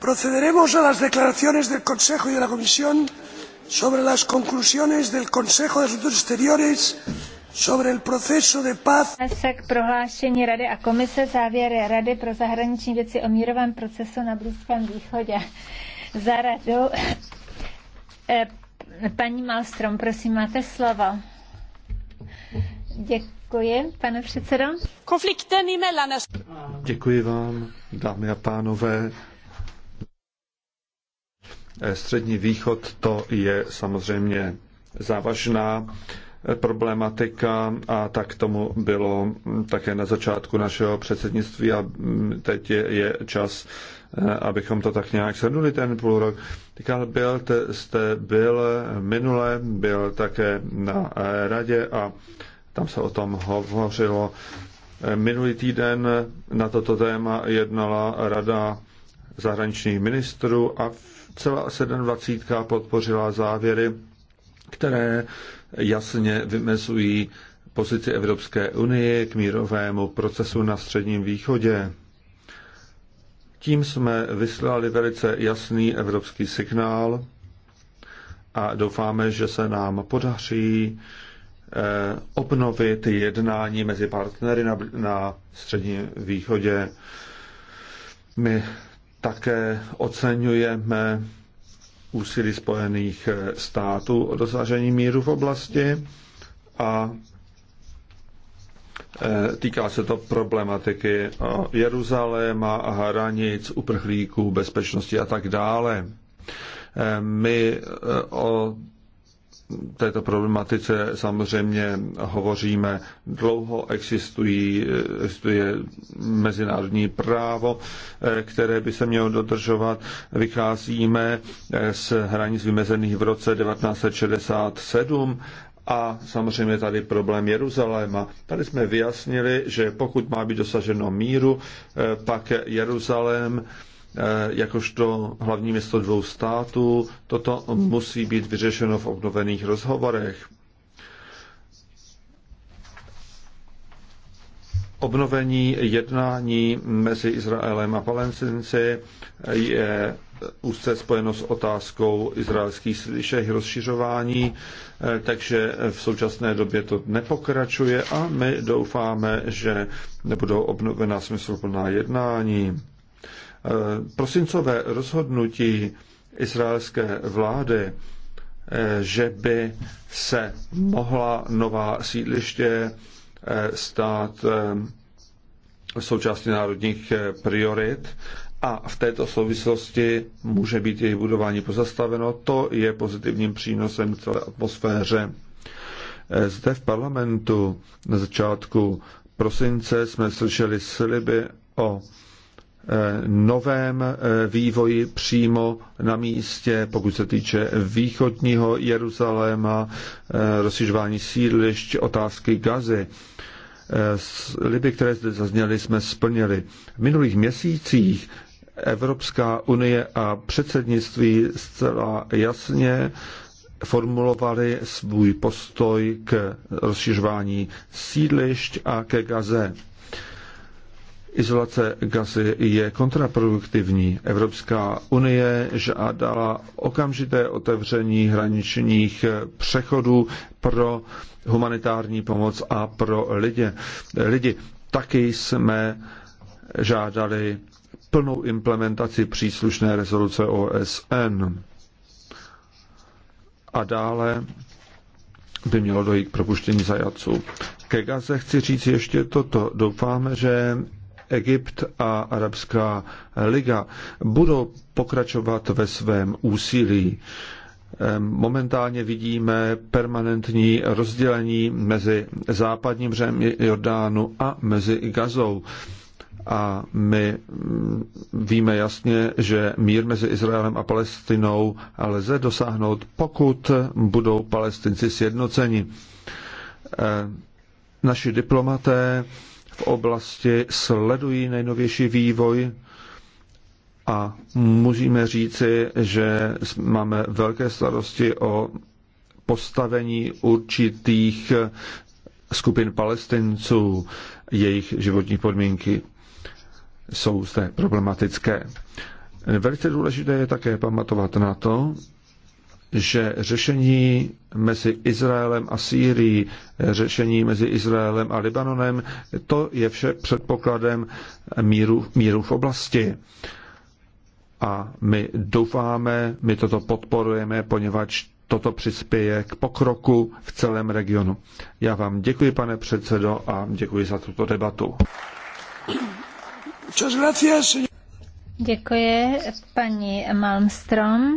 procederemos a las declaraciones del consejo y de la comisión sobre las conclusiones del consejo de asuntos exteriores sobre el proceso de paz. Rady a Komise závěry Rady pro zahraniční věci o mírovém procesu na Blízkém východě. Za radu eh, paní Malstrom, prosím, máte slovo. Děkuji, pane předsedo. Konfliktem Děkuji vám, dámy a pánové. Střední východ to je samozřejmě závažná problematika a tak tomu bylo také na začátku našeho předsednictví a teď je, je čas, eh, abychom to tak nějak shrnuli ten půl rok. byl te, jste byl minule, byl také na eh, radě a tam se o tom hovořilo. Eh, minulý týden na toto téma jednala rada zahraničních ministrů a Celá 27. podpořila závěry, které jasně vymezují pozici Evropské unie k mírovému procesu na Středním východě. Tím jsme vyslali velice jasný evropský signál a doufáme, že se nám podaří eh, obnovit jednání mezi partnery na, na Středním východě. My také oceňujeme úsilí Spojených států o dosažení míru v oblasti a e, Týká se to problematiky e, Jeruzaléma a hranic, uprchlíků, bezpečnosti a tak dále. E, my o této problematice samozřejmě hovoříme dlouho, existují, existuje mezinárodní právo, které by se mělo dodržovat. Vycházíme z hranic vymezených v roce 1967 a samozřejmě tady problém Jeruzaléma. Tady jsme vyjasnili, že pokud má být dosaženo míru, pak Jeruzalém Eh, jakožto hlavní město dvou států. Toto musí být vyřešeno v obnovených rozhovorech. Obnovení jednání mezi Izraelem a Palestinci je úzce spojeno s otázkou izraelských slyšech rozšiřování, eh, takže v současné době to nepokračuje a my doufáme, že nebudou obnovena smysluplná jednání. Eh, prosincové rozhodnutí izraelské vlády, eh, že by se mohla nová sídliště eh, stát součástí národních priorit a v této souvislosti může být její budování pozastaveno. To je pozitivním přínosem celé atmosféře. Zde v parlamentu na začátku prosince jsme slyšeli sliby o Eh, novém eh, vývoji přímo na místě, pokud se týče východního Jeruzaléma, eh, rozšiřování sídlišť, otázky gazy. Sliby, které zde zazněly, jsme splnili. V minulých měsících Evropská unie a předsednictví zcela jasně formulovali svůj postoj k rozšiřování sídlišť a ke gaze. Izolace gazy je kontraproduktivní. Evropská unie žádala okamžité otevření hraničních přechodů pro humanitární pomoc a pro lidi. lidi. Taky jsme žádali plnou implementaci příslušné rezoluce OSN. A dále by mělo dojít k propuštění zajatců. Ke Gaze chci říct ještě toto. Doufáme, že Egypt a Arabská liga budou pokračovat ve svém úsilí. Momentálně vidíme permanentní rozdělení mezi západním břehem Jordánu a mezi Gazou. A my mm, víme jasně, že mír mezi Izraelem a Palestinou lze dosáhnout, pokud budou palestinci sjednoceni. Naši diplomaté v oblasti, sledují nejnovější vývoj a musíme říci, že máme velké starosti o postavení určitých skupin palestinců, jejich životní podmínky jsou zde problematické. Velice důležité je také pamatovat na to, že řešení mezi Izraelem a Sýrií, řešení mezi Izraelem a Libanonem, to je vše předpokladem míru, míru v oblasti. A my doufáme, my toto podporujeme, poněvadž toto přispěje k pokroku v celém regionu. Já vám děkuji, pane předsedo, a děkuji za tuto debatu. Děkuji paní Malmstrom.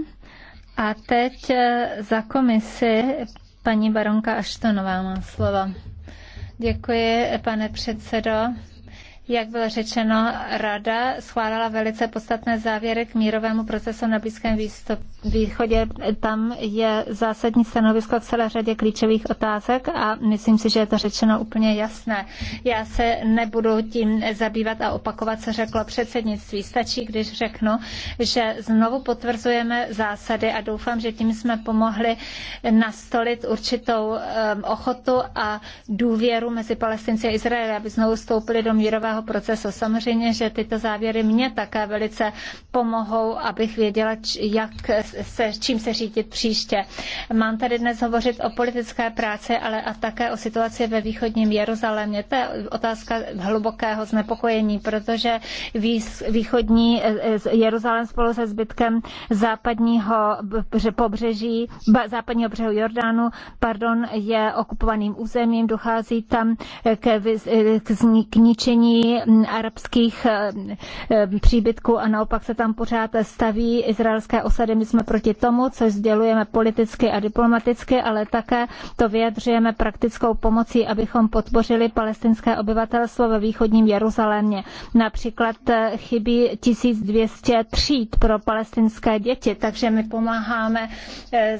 A teď eh, za komisi paní baronka Aštonová má slovo. Děkuji, pane předsedo. Jak bylo řečeno, Rada schválila velice podstatné závěry k mírovému procesu na Blízkém výstupu východě, tam je zásadní stanovisko v celé řadě klíčových otázek a myslím si, že je to řečeno úplně jasné. Já se nebudu tím zabývat a opakovat, co řeklo předsednictví. Stačí, když řeknu, že znovu potvrzujeme zásady a doufám, že tím jsme pomohli nastolit určitou um, ochotu a důvěru mezi Palestinci a Izraeli, aby znovu vstoupili do mírového procesu. Samozřejmě, že tyto závěry mě také velice pomohou, abych věděla, jak se, čím se řídit příště. Mám tady dnes hovořit o politické práci, ale a také o situaci ve východním Jeruzalémě. To je otázka hlubokého znepokojení, protože východní e, e, Jeruzalém spolu se zbytkem západního pobřeží, západního břehu Jordánu, pardon, je okupovaným územím, dochází tam e, k, k ničení arabských příbytků a naopak se tam pořád staví izraelské osady. My jsme proti tomu, co sdělujeme politicky a diplomaticky, ale také to vyjadřujeme praktickou pomocí, abychom podpořili palestinské obyvatelstvo ve východním Jeruzalémě. Například eh, chybí 1200 tříd pro palestinské děti, takže my pomáháme eh,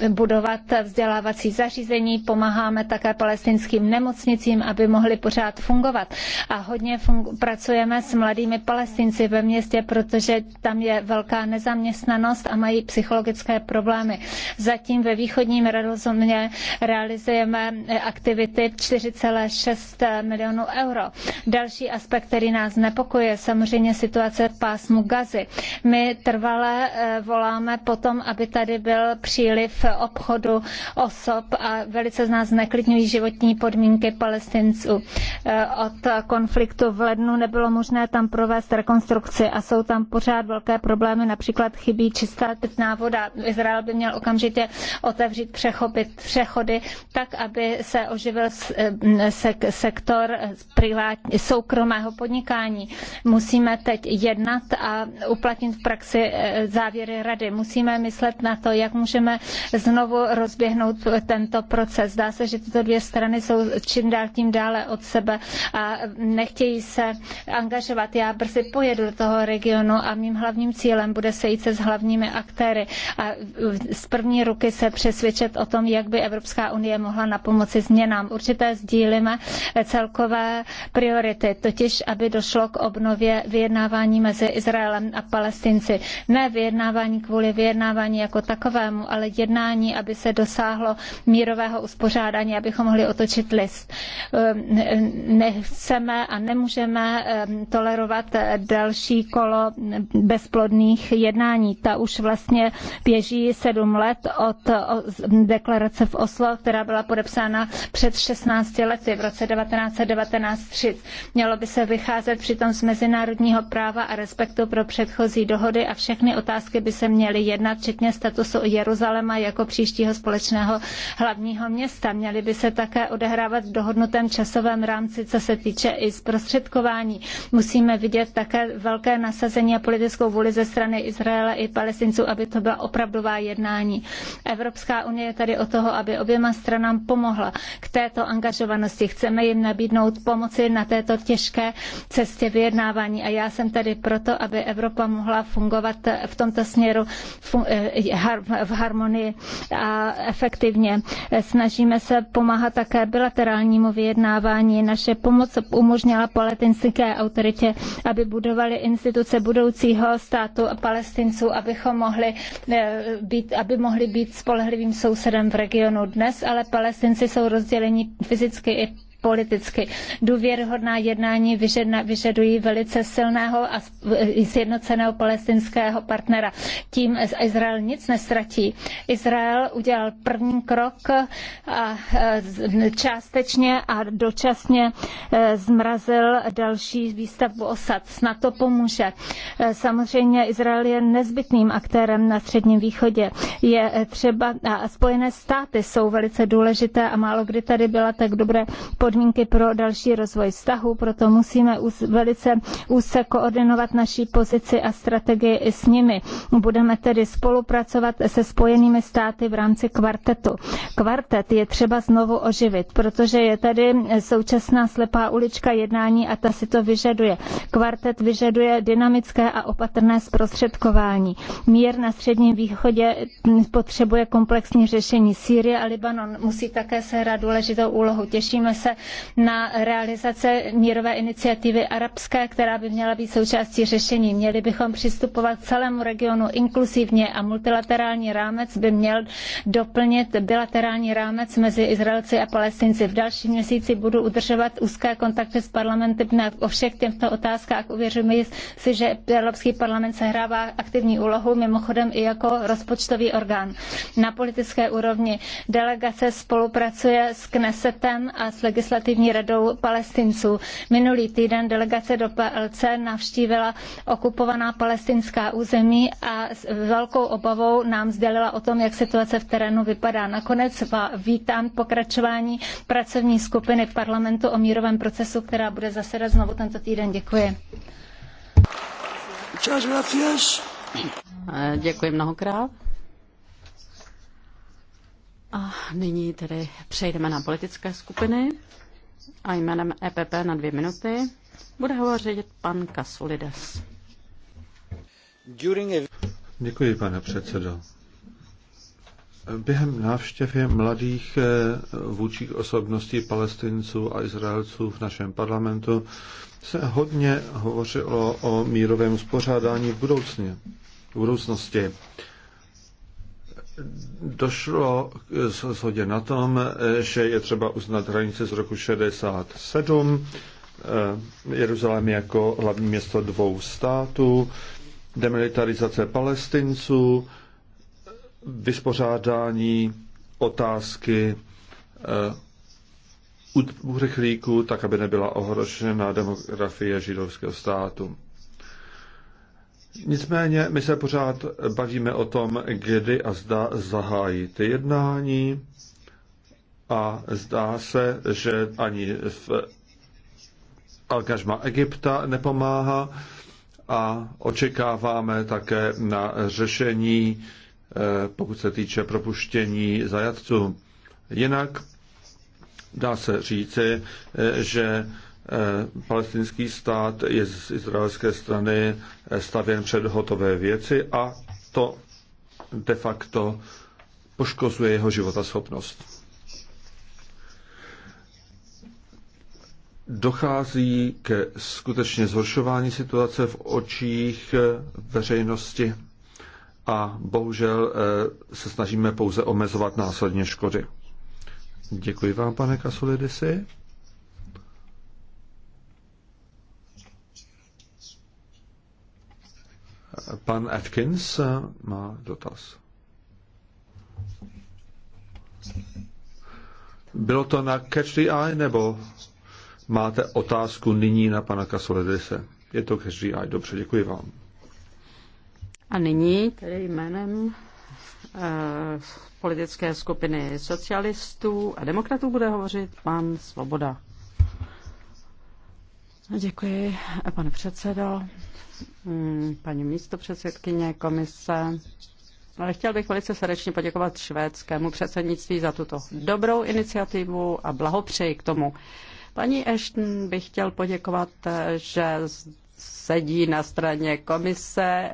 eh, budovat vzdělávací zařízení, pomáháme také palestinským nemocnicím, aby mohly pořád fungovat. A hodně pracujeme s mladými palestinci ve městě, protože tam je velká nezaměstnanost neschopnost a mají psychologické problémy. Zatím ve východním rozumě realizujeme aktivity 4,6 milionů euro. Další aspekt, který nás nepokuje, samozřejmě situace v pásmu gazy. My trvale eh, voláme potom, aby tady byl příliv obchodu osob a velice z nás neklidňují životní podmínky palestinců. Eh, od konfliktu v lednu nebylo možné tam provést rekonstrukci a jsou tam pořád velké problémy, například chybí čistá čistá pitná voda. Izrael by měl okamžitě otevřít přechopit přechody tak, aby se oživil eh, sektor soukromého podnikání. Musíme teď jednat a uplatnit v praxi eh, závěry rady. Musíme myslet na to, jak můžeme znovu rozběhnout tento proces. Zdá se, že tyto dvě strany jsou čím dál tím dále od sebe a nechtějí se angažovat. Já brzy pojedu do toho regionu a mým hlavním cílem bude sejít se s hlavní hlavními aktéry a z první ruky se přesvědčit o tom, jak by Evropská unie mohla na pomoci změnám. Určité sdílíme celkové priority, totiž aby došlo k obnově vyjednávání mezi Izraelem a Palestinci. Ne vyjednávání kvůli vyjednávání jako takovému, ale jednání, aby se dosáhlo mírového uspořádání, abychom mohli otočit list. Ehm, nechceme a nemůžeme ehm, tolerovat eh, další kolo ehm, bezplodných jednání. Ta už vlastně běží sedm let od deklarace v Oslo, která byla podepsána před 16 lety v roce 1919 Mělo by se vycházet přitom z mezinárodního práva a respektu pro předchozí dohody a všechny otázky by se měly jednat, včetně statusu Jeruzaléma jako příštího společného hlavního města. Měly by se také odehrávat v dohodnutém časovém rámci, co se týče i zprostředkování. Musíme vidět také velké nasazení a politickou vůli ze strany Izraele i Palestiny palestinců, aby to byla opravdová jednání. Evropská unie je tady o toho, aby oběma stranám pomohla k této angažovanosti. Chceme jim nabídnout pomoci na této těžké cestě vyjednávání a já jsem tady proto, aby Evropa mohla fungovat v tomto směru eh, v harmonii a efektivně. Snažíme se pomáhat také bilaterálnímu vyjednávání. Naše pomoc umožnila palestinské autoritě, aby budovali instituce budoucího státu a palestinců, aby abychom mohli eh, být, aby mohli být spolehlivým sousedem v regionu dnes, ale palestinci jsou rozděleni fyzicky i politicky. Důvěryhodná jednání vyžadují velice silného a sjednoceného palestinského partnera. Tím Izrael nic nestratí. Izrael udělal první krok eh, a eh, částečně a dočasně eh, zmrazil další výstavbu osad. Snad to pomůže. Samozřejmě Izrael je nezbytným aktérem na Středním východě. Je třeba, a Spojené státy jsou velice důležité a málo kdy tady byla tak dobré podmínky pro další rozvoj vztahu, proto musíme velice úzce koordinovat naší pozici a strategii i s nimi. Budeme tedy spolupracovat se Spojenými státy v rámci kvartetu. Kvartet je třeba znovu oživit, protože je tady současná slepá ulička jednání a ta si to vyžaduje. Kvartet vyžaduje dynamické a opatrné zprostředkování. Mír na Středním východě potřebuje komplexní řešení. Sýrie a Libanon musí také sehrát důležitou úlohu. Těšíme se na realizace mírové iniciativy arabské, která by měla být součástí řešení. Měli bychom přistupovat k celému regionu inkluzivně a multilaterální rámec by měl doplnit bilaterální rámec mezi Izraelci a Palestinci. V dalším měsíci budu udržovat úzké kontakty s parlamenty o všech těchto otázkách. Uvěřuji si, že Evropský parlament sehrává aktivní úlohu, mimochodem i jako rozpočtový orgán. Na politické úrovni delegace spolupracuje s Knesetem a s legislativou legislativní radou palestinců. Minulý týden delegace do PLC navštívila okupovaná palestinská území a s velkou obavou nám sdělila o tom, jak situace v terénu vypadá. Nakonec vítám pokračování pracovní skupiny parlamentu o mírovém procesu, která bude zasedat znovu tento týden. Děkuji. Děkuji mnohokrát. A nyní tedy přejdeme na politické skupiny a jménem EPP na dvě minuty bude hovořit pan Kasulides. Děkuji, pane předsedo. Během návštěvy mladých eh, vůčích osobností palestinců a Izraelců v našem parlamentu se hodně hovořilo o mírovém uspořádání v budoucně, v budoucnosti došlo k shodě na tom, eh, že je třeba uznat hranice z roku 67, eh, Jeruzalém jako hlavní město dvou států, demilitarizace palestinců, vyspořádání otázky eh, uprchlíků, tak aby nebyla ohrožena demografie židovského státu. Nicméně my se pořád bavíme o tom, kdy a zda ty jednání a zdá se, že ani v angažma Egypta nepomáhá a očekáváme také na řešení, eh, pokud se týče propuštění zajatců. Jinak dá se říci, eh, že Eh, palestinský stát je z izraelské strany eh, stavěn před hotové věci a to de facto poškozuje jeho životaschopnost. Dochází ke skutečně zhoršování situace v očích eh, veřejnosti a bohužel se snažíme pouze omezovat následně škody. Děkuji vám, pane Kasolidisi. Pan Atkins má dotaz. Bylo to na Catch the Eye, nebo máte otázku nyní na pana Kasoledise? Je to Catch the Eye, dobře, děkuji vám. A nyní tedy jménem eh, politické skupiny socialistů a demokratů bude hovořit pan Svoboda. Děkuji, pane předsedo. Hmm, paní předsedkyně komise. Ale chtěl bych velice srdečně poděkovat švédskému předsednictví za tuto dobrou iniciativu a blahopřeji k tomu. Paní Ashton bych chtěl poděkovat, že sedí na straně komise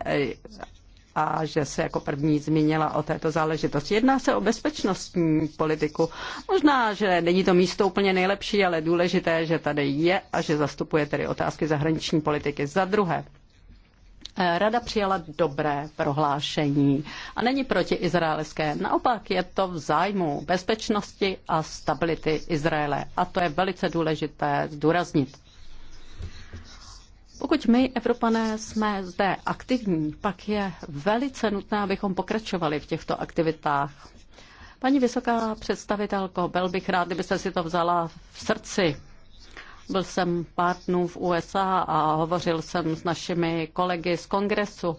a že se jako první zmínila o této záležitosti. Jedná se o bezpečnostní politiku. Možná, že není to místo úplně nejlepší, ale důležité, že tady je a že zastupuje tedy otázky zahraniční politiky. Za druhé, Eh, Rada přijala dobré prohlášení a není proti izraelské. Naopak je to v zájmu bezpečnosti a stability Izraele. A to je velice důležité zdůraznit. Pokud my, Evropané, jsme zde aktivní, pak je velice nutné, abychom pokračovali v těchto aktivitách. Paní vysoká představitelko, byl bych rád, kdybyste si to vzala v srdci byl jsem pár dnů v USA a hovořil jsem s našimi kolegy z kongresu.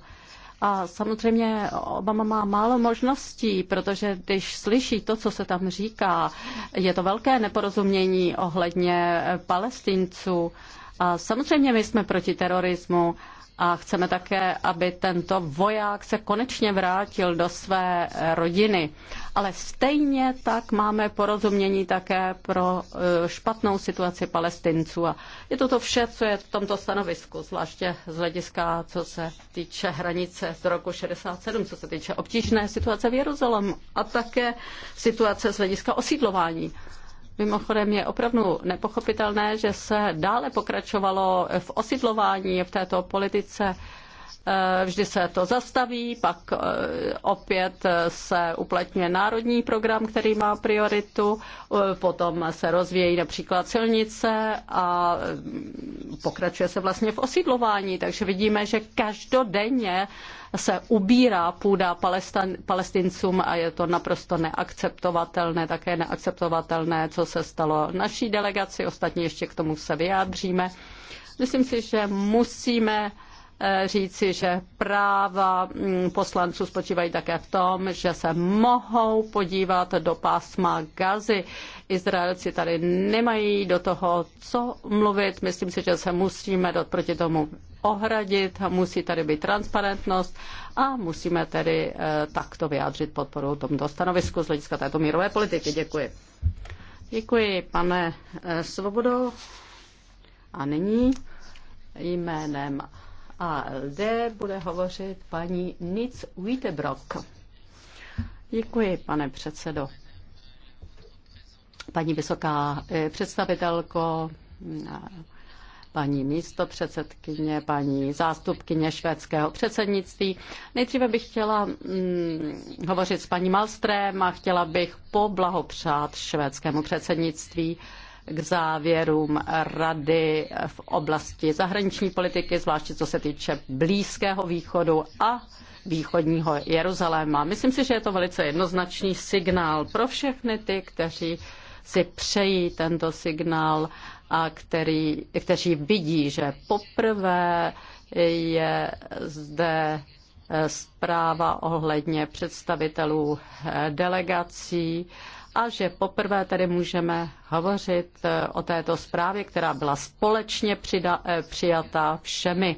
A samozřejmě Obama má málo možností, protože když slyší to, co se tam říká, je to velké neporozumění ohledně palestinců. A samozřejmě my jsme proti terorismu a chceme také, aby tento voják se konečně vrátil do své rodiny. Ale stejně tak máme porozumění také pro eh, špatnou situaci palestinců. A je to to vše, co je v tomto stanovisku, zvláště z hlediska, co se týče hranice z roku 67, co se týče obtížné situace v Jeruzalému a také situace z hlediska osídlování. Mimochodem je opravdu nepochopitelné, že se dále pokračovalo v osidlování v této politice Eh, vždy se to zastaví, pak eh, opět eh, se uplatňuje národní program, který má prioritu, potom se rozvíjí například silnice a mm, pokračuje se vlastně v osídlování, takže vidíme, že každodenně se ubírá půda palestin, palestincům a je to naprosto neakceptovatelné, také neakceptovatelné, co se stalo naší delegaci, ostatně ještě k tomu se vyjádříme. Myslím si, že musíme Eh, říci, že práva mm, poslanců spočívají také v tom, že se mohou podívat do pásma gazy. Izraelci tady nemají do toho co mluvit. Myslím si, že se musíme proti tomu ohradit, musí tady být transparentnost a musíme tedy eh, takto vyjádřit podporu tomuto stanovisku z hlediska této mírové politiky. Děkuji. Děkuji, pane eh, Svobodo. A nyní jménem a zde bude hovořit paní Nic Wittebrock. Děkuji, pane předsedo. Paní vysoká eh, představitelko, eh, paní místo předsedkyně, paní zástupkyně švédského předsednictví. Nejdříve bych chtěla hm, hovořit s paní Malstrem a chtěla bych poblahopřát švédskému předsednictví eh, k závěrům rady v oblasti zahraniční politiky, zvláště co se týče Blízkého východu a východního Jeruzaléma. Myslím si, že je to velice jednoznačný signál pro všechny ty, kteří si přejí tento signál a který, kteří vidí, že poprvé je zde zpráva ohledně představitelů delegací a že poprvé tedy můžeme hovořit eh, o této zprávě, která byla společně přida, eh, přijata všemi.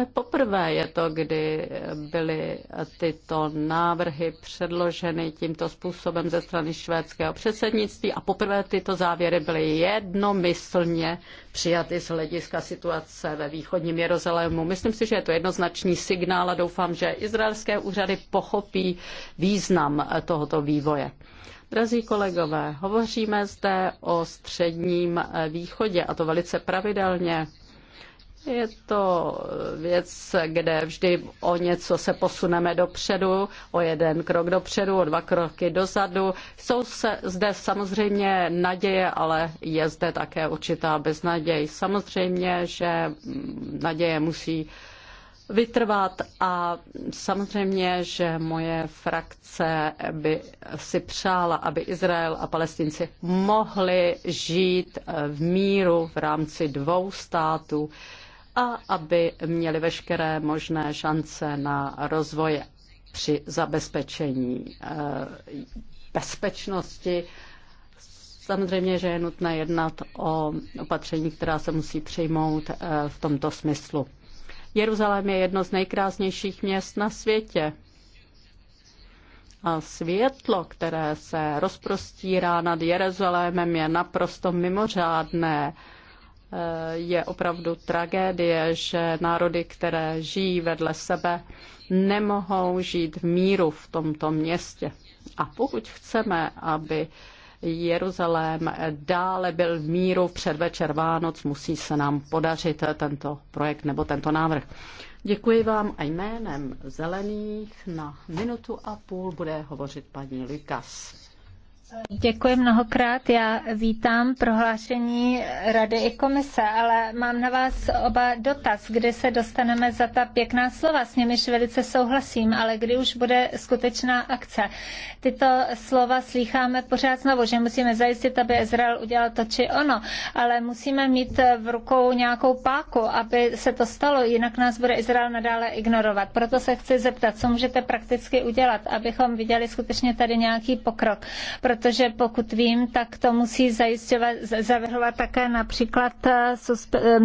Eh, poprvé je to, kdy byly tyto návrhy předloženy tímto způsobem ze strany švédského předsednictví a poprvé tyto závěry byly jednomyslně přijaty z hlediska situace ve východním Jeruzalému. Myslím si, že je to jednoznačný signál a doufám, že izraelské úřady pochopí význam tohoto vývoje. Drazí kolegové, hovoříme zde o středním eh, východě a to velice pravidelně. Je to eh, věc, kde vždy o něco se posuneme dopředu, o jeden krok dopředu, o dva kroky dozadu. Jsou se zde samozřejmě naděje, ale je zde také určitá beznaděj. Samozřejmě, že mm, naděje musí vytrvat a samozřejmě, že moje frakce by si přála, aby Izrael a Palestinci mohli žít v míru v rámci dvou států a aby měli veškeré možné šance na rozvoj při zabezpečení eh, bezpečnosti. Samozřejmě, že je nutné jednat o opatření, která se musí přijmout eh, v tomto smyslu. Jeruzalém je jedno z nejkrásnějších měst na světě. A světlo, které se rozprostírá nad Jeruzalémem, je naprosto mimořádné. Eh, je opravdu tragédie, že národy, které žijí vedle sebe, nemohou žít v míru v tomto městě. A pokud chceme, aby Jeruzalém dále byl v míru v předvečer Vánoc. Musí se nám podařit tento projekt nebo tento návrh. Děkuji vám a jménem Zelených na minutu a půl bude hovořit paní Lukas. Děkuji mnohokrát. Já vítám prohlášení Rady i komise, ale mám na vás oba dotaz, kdy se dostaneme za ta pěkná slova, s nimiž velice souhlasím, ale kdy už bude skutečná akce. Tyto slova slýcháme pořád znovu, že musíme zajistit, aby Izrael udělal to či ono, ale musíme mít v rukou nějakou páku, aby se to stalo, jinak nás bude Izrael nadále ignorovat. Proto se chci zeptat, co můžete prakticky udělat, abychom viděli skutečně tady nějaký pokrok. Proto protože pokud vím, tak to musí zavrhovat také například eh, eh,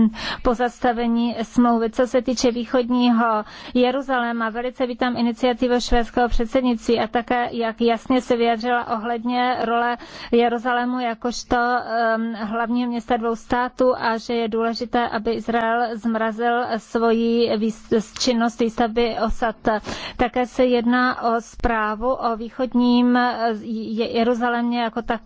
pozastavení smlouvy. Co se týče východního Jeruzaléma, velice vítám iniciativu švédského předsednictví a také, jak jasně se vyjadřila ohledně role Jeruzalému jakožto ehm, hlavního města dvou států a že je důležité, aby Izrael zmrazil svoji činnost výstavby osad. Také se jedná o zprávu o východním eh, Jeruzalému Jeruzalémě jako tak,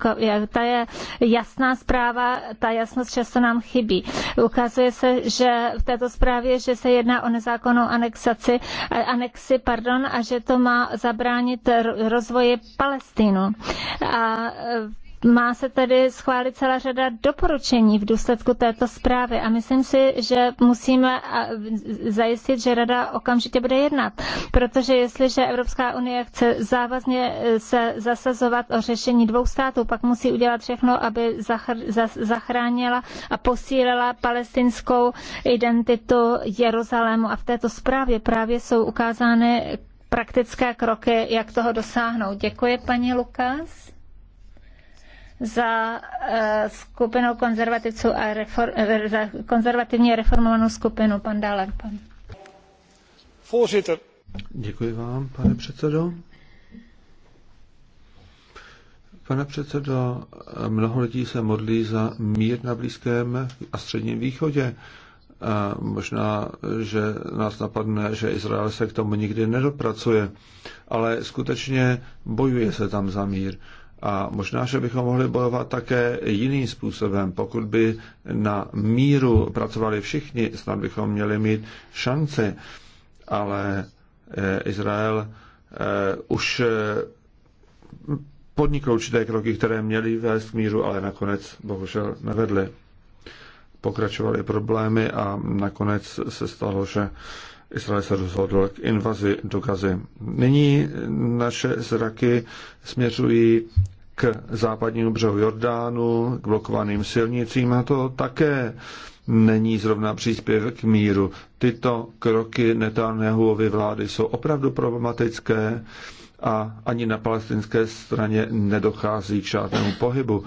Ta je jasná zpráva, ta jasnost často nám chybí. Ukazuje se, že v této zprávě, že se jedná o nezákonnou anexaci, eh, anexi pardon, a že to má zabránit rozvoji Palestínu. A eh, má se tedy schválit celá řada doporučení v důsledku této zprávy a myslím si, že musíme zajistit, že Rada okamžitě bude jednat, protože jestliže Evropská unie chce závazně e, se zasazovat o řešení dvou států, pak musí udělat všechno, aby zachránila a posílila palestinskou identitu Jeruzalému a v této zprávě právě jsou ukázány praktické kroky, jak toho dosáhnout. Děkuji, paní Lukas za eh, skupinou konzervativců a eh, za konzervativní reformovanou skupinu. Pan Dále. Pan. Děkuji vám, pane předsedo. Pane předsedo, mnoho lidí se modlí za mír na Blízkém a Středním východě. A možná, že nás napadne, že Izrael se k tomu nikdy nedopracuje, ale skutečně bojuje se tam za mír. A možná, že bychom mohli bojovat také jiným způsobem. Pokud by na míru pracovali všichni, snad bychom měli mít šanci. Ale eh, Izrael eh, už eh, podnikl určité kroky, které měly vést k míru, ale nakonec bohužel nevedly. Pokračovaly problémy a nakonec se stalo, že Izrael se rozhodl k invazi do Gazy. Nyní naše zraky směřují k západnímu břehu Jordánu, k blokovaným silnicím a to také není zrovna příspěvek k míru. Tyto kroky Netanyahuovy vlády jsou opravdu problematické a ani na palestinské straně nedochází k žádnému pohybu.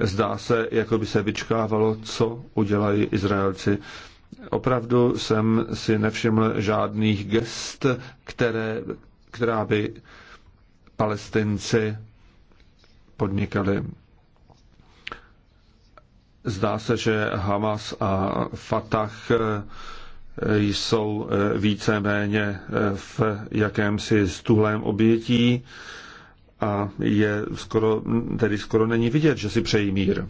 Zdá se, jako by se vyčkávalo, co udělají Izraelci. Opravdu jsem si nevšiml žádných gest, které, která by palestinci podnikali. Zdá se, že Hamas a Fatah eh, jsou eh, víceméně eh, v jakémsi stuhlém obětí a je skoro, tedy skoro není vidět, že si přejí mír.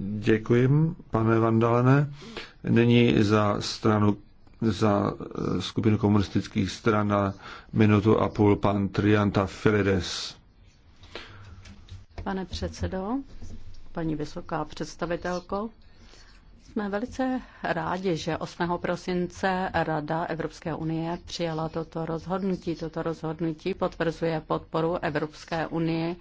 Děkuji, pane Vandalene. Není za stranu za skupinu komunistických stran na minutu a půl pan Trianta Filides. Pane předsedo, paní vysoká představitelko, jsme velice rádi, že 8. prosince Rada Evropské unie přijala toto rozhodnutí. Toto rozhodnutí potvrzuje podporu Evropské unie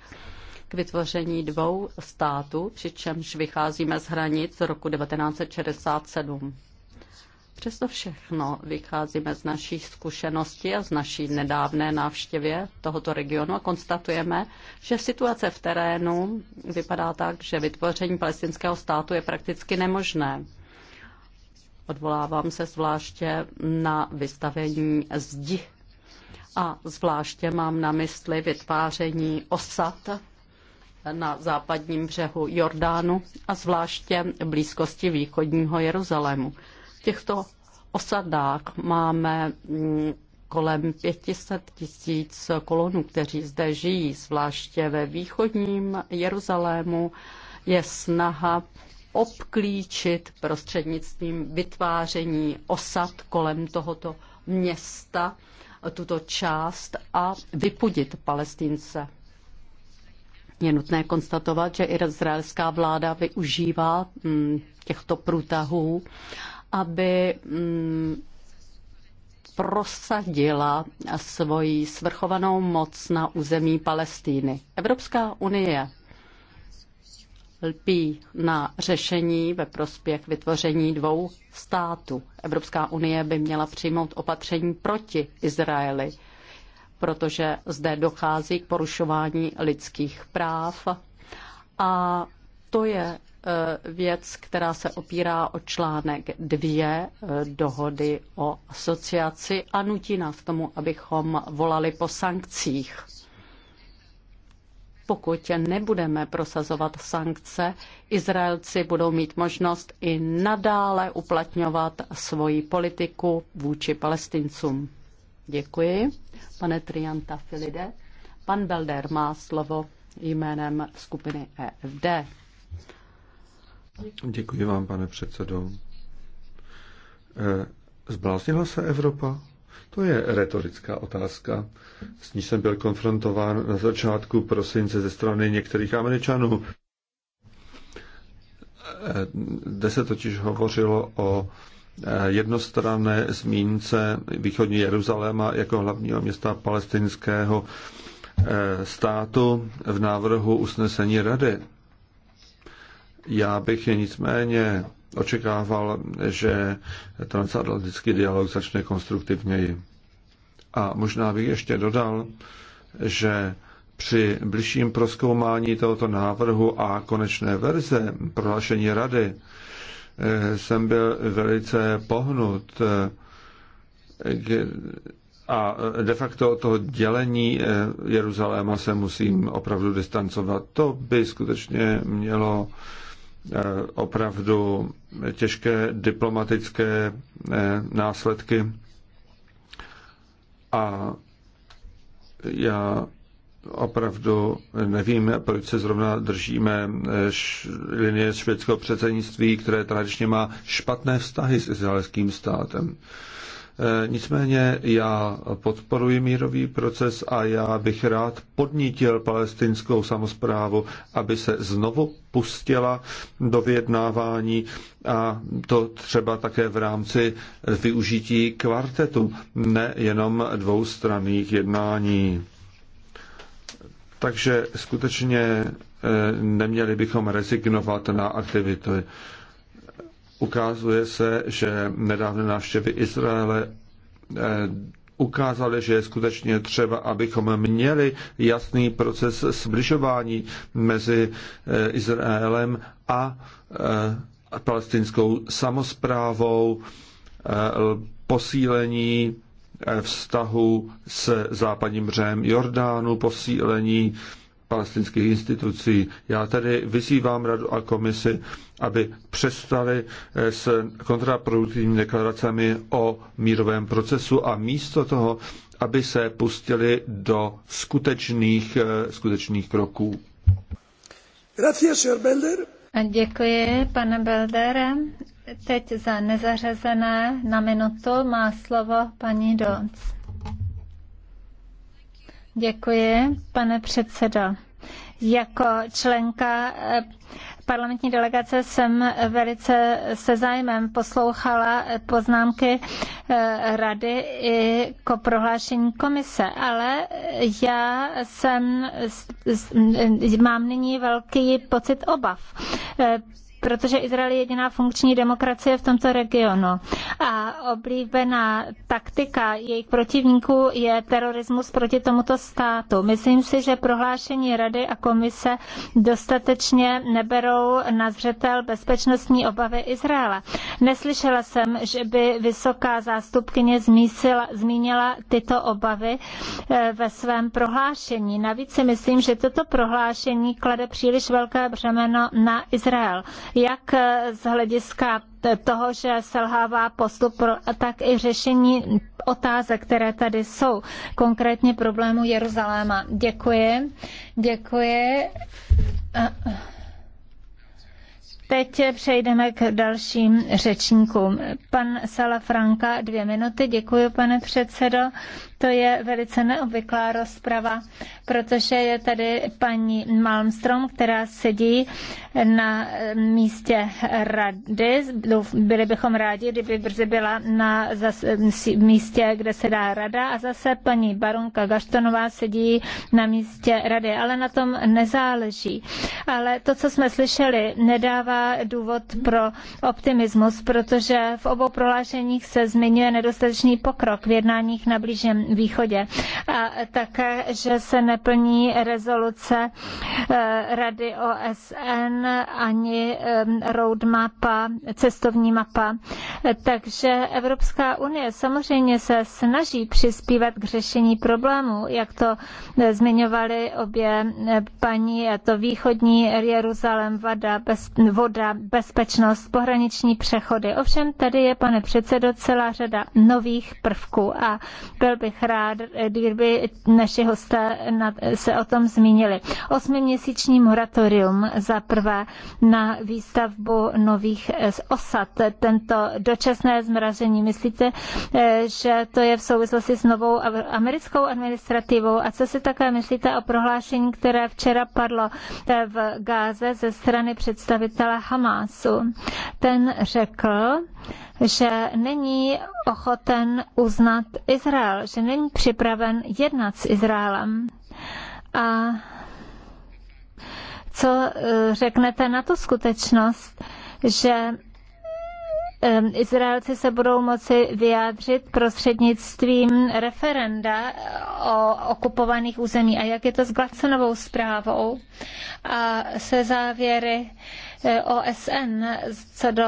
k vytvoření dvou států, přičemž vycházíme z hranic z roku 1967. Přesto všechno vycházíme z naší zkušenosti a z naší nedávné návštěvě tohoto regionu a konstatujeme, že situace v terénu vypadá tak, že vytvoření palestinského státu je prakticky nemožné. Odvolávám se zvláště na vystavení zdi a zvláště mám na mysli vytváření osad na západním břehu Jordánu a zvláště blízkosti východního Jeruzalému těchto osadách máme mm, kolem 500 tisíc kolonů, kteří zde žijí, zvláště ve východním Jeruzalému, je snaha obklíčit prostřednictvím vytváření osad kolem tohoto města tuto část a vypudit Palestince. Je nutné konstatovat, že izraelská vláda využívá mm, těchto průtahů aby mm, prosadila svoji svrchovanou moc na území Palestíny. Evropská unie lpí na řešení ve prospěch vytvoření dvou států. Evropská unie by měla přijmout opatření proti Izraeli, protože zde dochází k porušování lidských práv a to je Eh, věc, která se opírá o článek dvě eh, dohody o asociaci a nutí nás k tomu, abychom volali po sankcích. Pokud nebudeme prosazovat sankce, Izraelci budou mít možnost i nadále uplatňovat svoji politiku vůči palestincům. Děkuji, pane Trianta Filide. Pan Belder má slovo jménem skupiny EFD. Děkuji vám, pane předsedo. Eh, zbláznila se Evropa? To je retorická otázka, s ní jsem byl konfrontován na začátku prosince ze strany některých američanů. Kde eh, se totiž hovořilo o eh, jednostranné zmínce východní Jeruzaléma jako hlavního města palestinského státu v návrhu usnesení rady já bych je nicméně očekával, že transatlantický dialog začne konstruktivněji. A možná bych ještě dodal, že při bližším proskoumání tohoto návrhu a konečné verze prohlášení rady eh, jsem byl velice pohnut eh, a de facto od toho dělení eh, Jeruzaléma se musím opravdu distancovat. To by skutečně mělo Eh, opravdu těžké diplomatické eh, následky. A já opravdu nevím, proč se zrovna držíme eh, linie švédského předsednictví, které tradičně má špatné vztahy s izraelským státem. Eh, nicméně já podporuji mírový proces a já bych rád podnítil palestinskou samozprávu, aby se znovu pustila do vyjednávání a to třeba také v rámci využití kvartetu, ne jenom dvoustranných jednání. Takže skutečně eh, neměli bychom rezignovat na aktivity Ukazuje se, že nedávné návštěvy Izraele eh, ukázaly, že je skutečně třeba, abychom měli jasný proces sbližování mezi eh, Izraelem a eh, palestinskou samozprávou, posílení vztahu se západním břehem Jordánu, posílení palestinských institucí. Já tady vyzývám radu a komisi, aby přestali eh, s kontraproduktivními deklaracemi o mírovém procesu a místo toho, aby se pustili do skutečných, eh, skutečných kroků. Gracias, Belder. Děkuji, pane Belder. Teď za nezařazené na minutu má slovo paní Donc. Děkuji, pane předsedo. Jako členka eh, parlamentní delegace jsem velice se zájmem poslouchala poznámky eh, rady i ko prohlášení komise, ale já jsem, mám nyní velký pocit obav eh, protože Izrael je jediná funkční demokracie v tomto regionu. A oblíbená taktika jejich protivníků je terorismus proti tomuto státu. Myslím si, že prohlášení Rady a komise dostatečně neberou na zřetel bezpečnostní obavy Izraela. Neslyšela jsem, že by vysoká zástupkyně zmísila, zmínila tyto obavy eh, ve svém prohlášení. Navíc si myslím, že toto prohlášení klade příliš velké břemeno na Izrael jak eh, z hlediska toho, že selhává postup, tak i řešení otázek, které tady jsou, konkrétně problému Jeruzaléma. Děkuji. Děkuji. Teď přejdeme k dalším řečníkům. Pan Salafranka, dvě minuty. Děkuji, pane předsedo. To je velice neobvyklá rozprava, protože je tady paní Malmstrom, která sedí na místě rady. Byli bychom rádi, kdyby brzy byla na místě, kde se dá rada a zase paní baronka Gaštonová sedí na místě rady, ale na tom nezáleží. Ale to, co jsme slyšeli, nedává důvod pro optimismus, protože v obou proláženích se zmiňuje nedostatečný pokrok v jednáních na blížním východě. A také, že se neplní rezoluce eh, Rady OSN ani eh, roadmapa, cestovní mapa. Takže Evropská unie samozřejmě se snaží přispívat k řešení problému, jak to eh, zmiňovali obě paní, a to východní Jeruzalém, voda, bez, voda, bezpečnost, pohraniční přechody. Ovšem tady je, pane předsedo, celá řada nových prvků a byl bych rád, kdyby naši hosté se o tom zmínili. Osmiměsíční moratorium za prvé na výstavbu nových eh, osad. Tento dočasné zmrazení, myslíte, eh, že to je v souvislosti s novou americkou administrativou? A co si také myslíte o prohlášení, které včera padlo eh, v Gáze ze strany představitele Hamásu? Ten řekl, že není ochoten uznat Izrael, že není není připraven jednat s Izraelem. A co eh, řeknete na tu skutečnost, že eh, Izraelci se budou moci vyjádřit prostřednictvím referenda eh, o okupovaných území. A jak je to s Glacenovou zprávou a se závěry OSN co do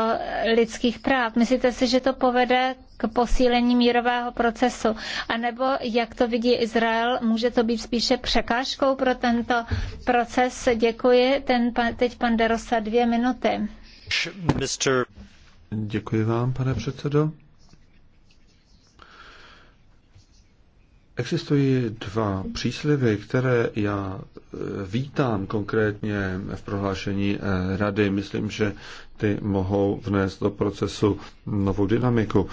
lidských práv? Myslíte si, že to povede k posílení mírového procesu? A nebo, jak to vidí Izrael, může to být spíše překážkou pro tento proces? Děkuji. Ten pan, teď pan Derosa dvě minuty. Děkuji vám, pane předsedo. Existují dva příslivy, které já eh, vítám konkrétně v prohlášení eh, rady. Myslím, že ty mohou vnést do procesu novou dynamiku.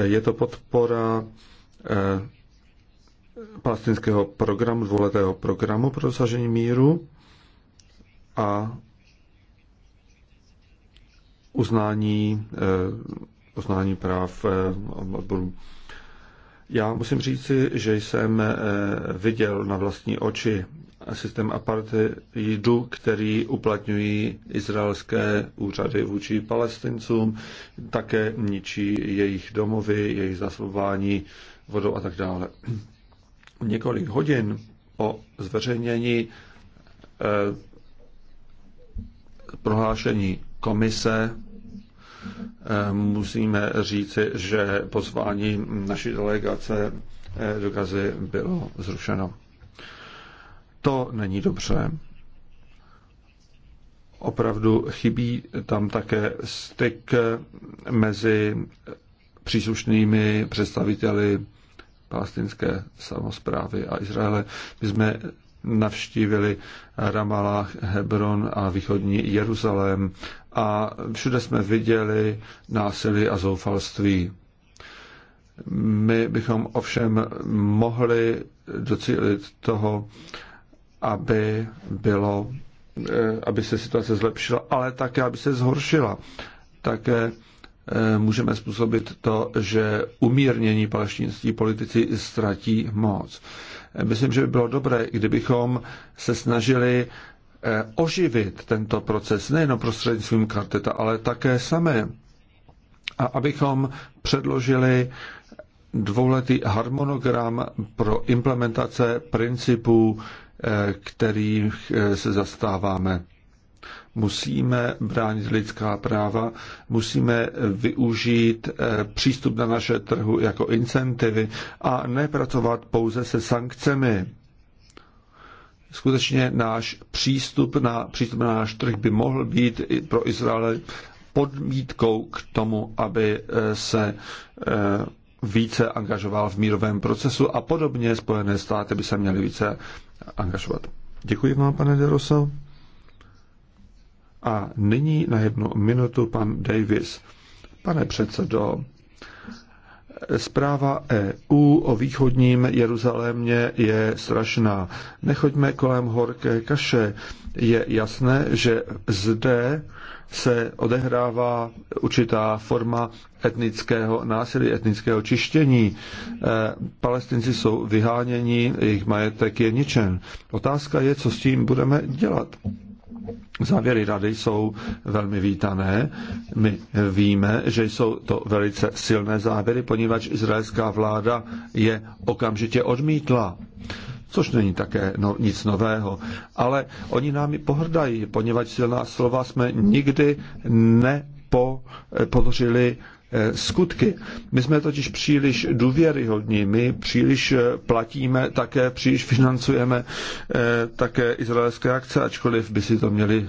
Je to podpora eh, palestinského programu, dvouletého programu pro dosažení míru a uznání, eh, uznání práv eh, odborů. Já musím říci, že jsem viděl na vlastní oči systém apartheidu, který uplatňují izraelské úřady vůči palestincům, také ničí jejich domovy, jejich zaslování vodou a tak dále. Několik hodin po zveřejnění eh, prohlášení komise eh, musíme říci, že pozvání naší delegace eh, do Gazy bylo zrušeno. To není dobře. Opravdu chybí tam také styk mezi příslušnými představiteli palestinské samozprávy a Izraele. My jsme navštívili Ramallah, Hebron a východní Jeruzalém a všude jsme viděli násilí a zoufalství. My bychom ovšem mohli docílit toho, aby, bylo, eh, aby se situace zlepšila, ale také, aby se zhoršila. Také eh, můžeme způsobit to, že umírnění palestinští politici ztratí moc. Eh, myslím, že by bylo dobré, kdybychom se snažili oživit tento proces nejen prostřednictvím karteta, ale také samé. A abychom předložili dvouletý harmonogram pro implementace principů který eh, se zastáváme. Musíme bránit lidská práva, musíme využít eh, přístup na naše trhu jako incentivy a nepracovat pouze se sankcemi skutečně náš přístup na, přístup na náš trh by mohl být i pro Izrael podmítkou k tomu, aby eh, se více angažoval v mírovém procesu a podobně Spojené státy by se měly více angažovat. Děkuji vám, pane Deroso. A nyní na jednu minutu pan Davis. Pane předsedo, Zpráva EU o východním Jeruzalémě je strašná. Nechoďme kolem horké kaše. Je jasné, že zde se odehrává určitá forma etnického násilí, etnického čištění. E, Palestinci jsou vyháněni, jejich majetek je ničen. Otázka je, co s tím budeme dělat. Závěry rady jsou velmi vítané. My víme, že jsou to velice silné závěry, poněvadž izraelská vláda je okamžitě odmítla což není také no, nic nového. Ale oni námi pohrdají, poněvadž silná slova jsme nikdy nepoložili Eh, skutky. My jsme totiž příliš důvěryhodní, my příliš eh, platíme, také příliš financujeme eh, také izraelské akce, ačkoliv by si to měli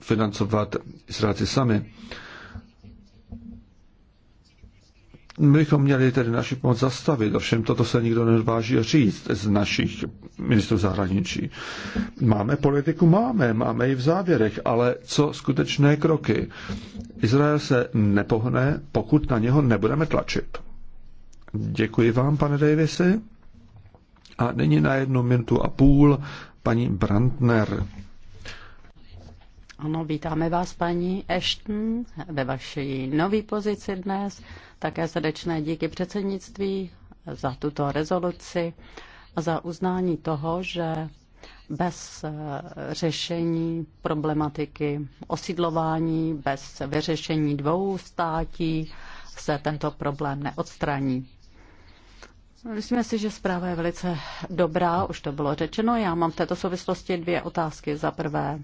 financovat Izraelci sami. My bychom měli tedy naši pomoc zastavit, ovšem toto se nikdo nedváží říct z našich ministrů zahraničí. Máme politiku, máme, máme ji v závěrech, ale co skutečné kroky? Izrael se nepohne, pokud na něho nebudeme tlačit. Děkuji vám, pane Davisy. A nyní na jednu minutu a půl paní Brandner. Ano, vítáme vás, paní Ashton, ve vaší nové pozici dnes. Také srdečné díky předsednictví za tuto rezoluci a za uznání toho, že bez eh, řešení problematiky osídlování, bez vyřešení dvou státí se tento problém neodstraní. Myslím si, že zpráva je velice dobrá, už to bylo řečeno. Já mám v této souvislosti dvě otázky. Za prvé,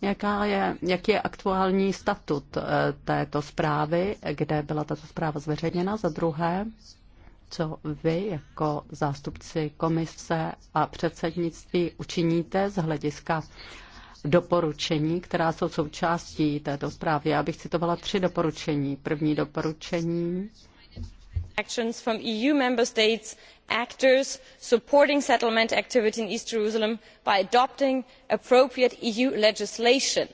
jaká je, jaký je aktuální statut eh, této zprávy, kde byla tato zpráva zveřejněna? Za druhé, co vy jako zástupci komise a předsednictví učiníte z hlediska doporučení, která jsou součástí této zprávy. Já bych citovala tři doporučení. První doporučení actions from eu member state actors supporting settlement activity in east jerusalem by adopting appropriate eu legislation.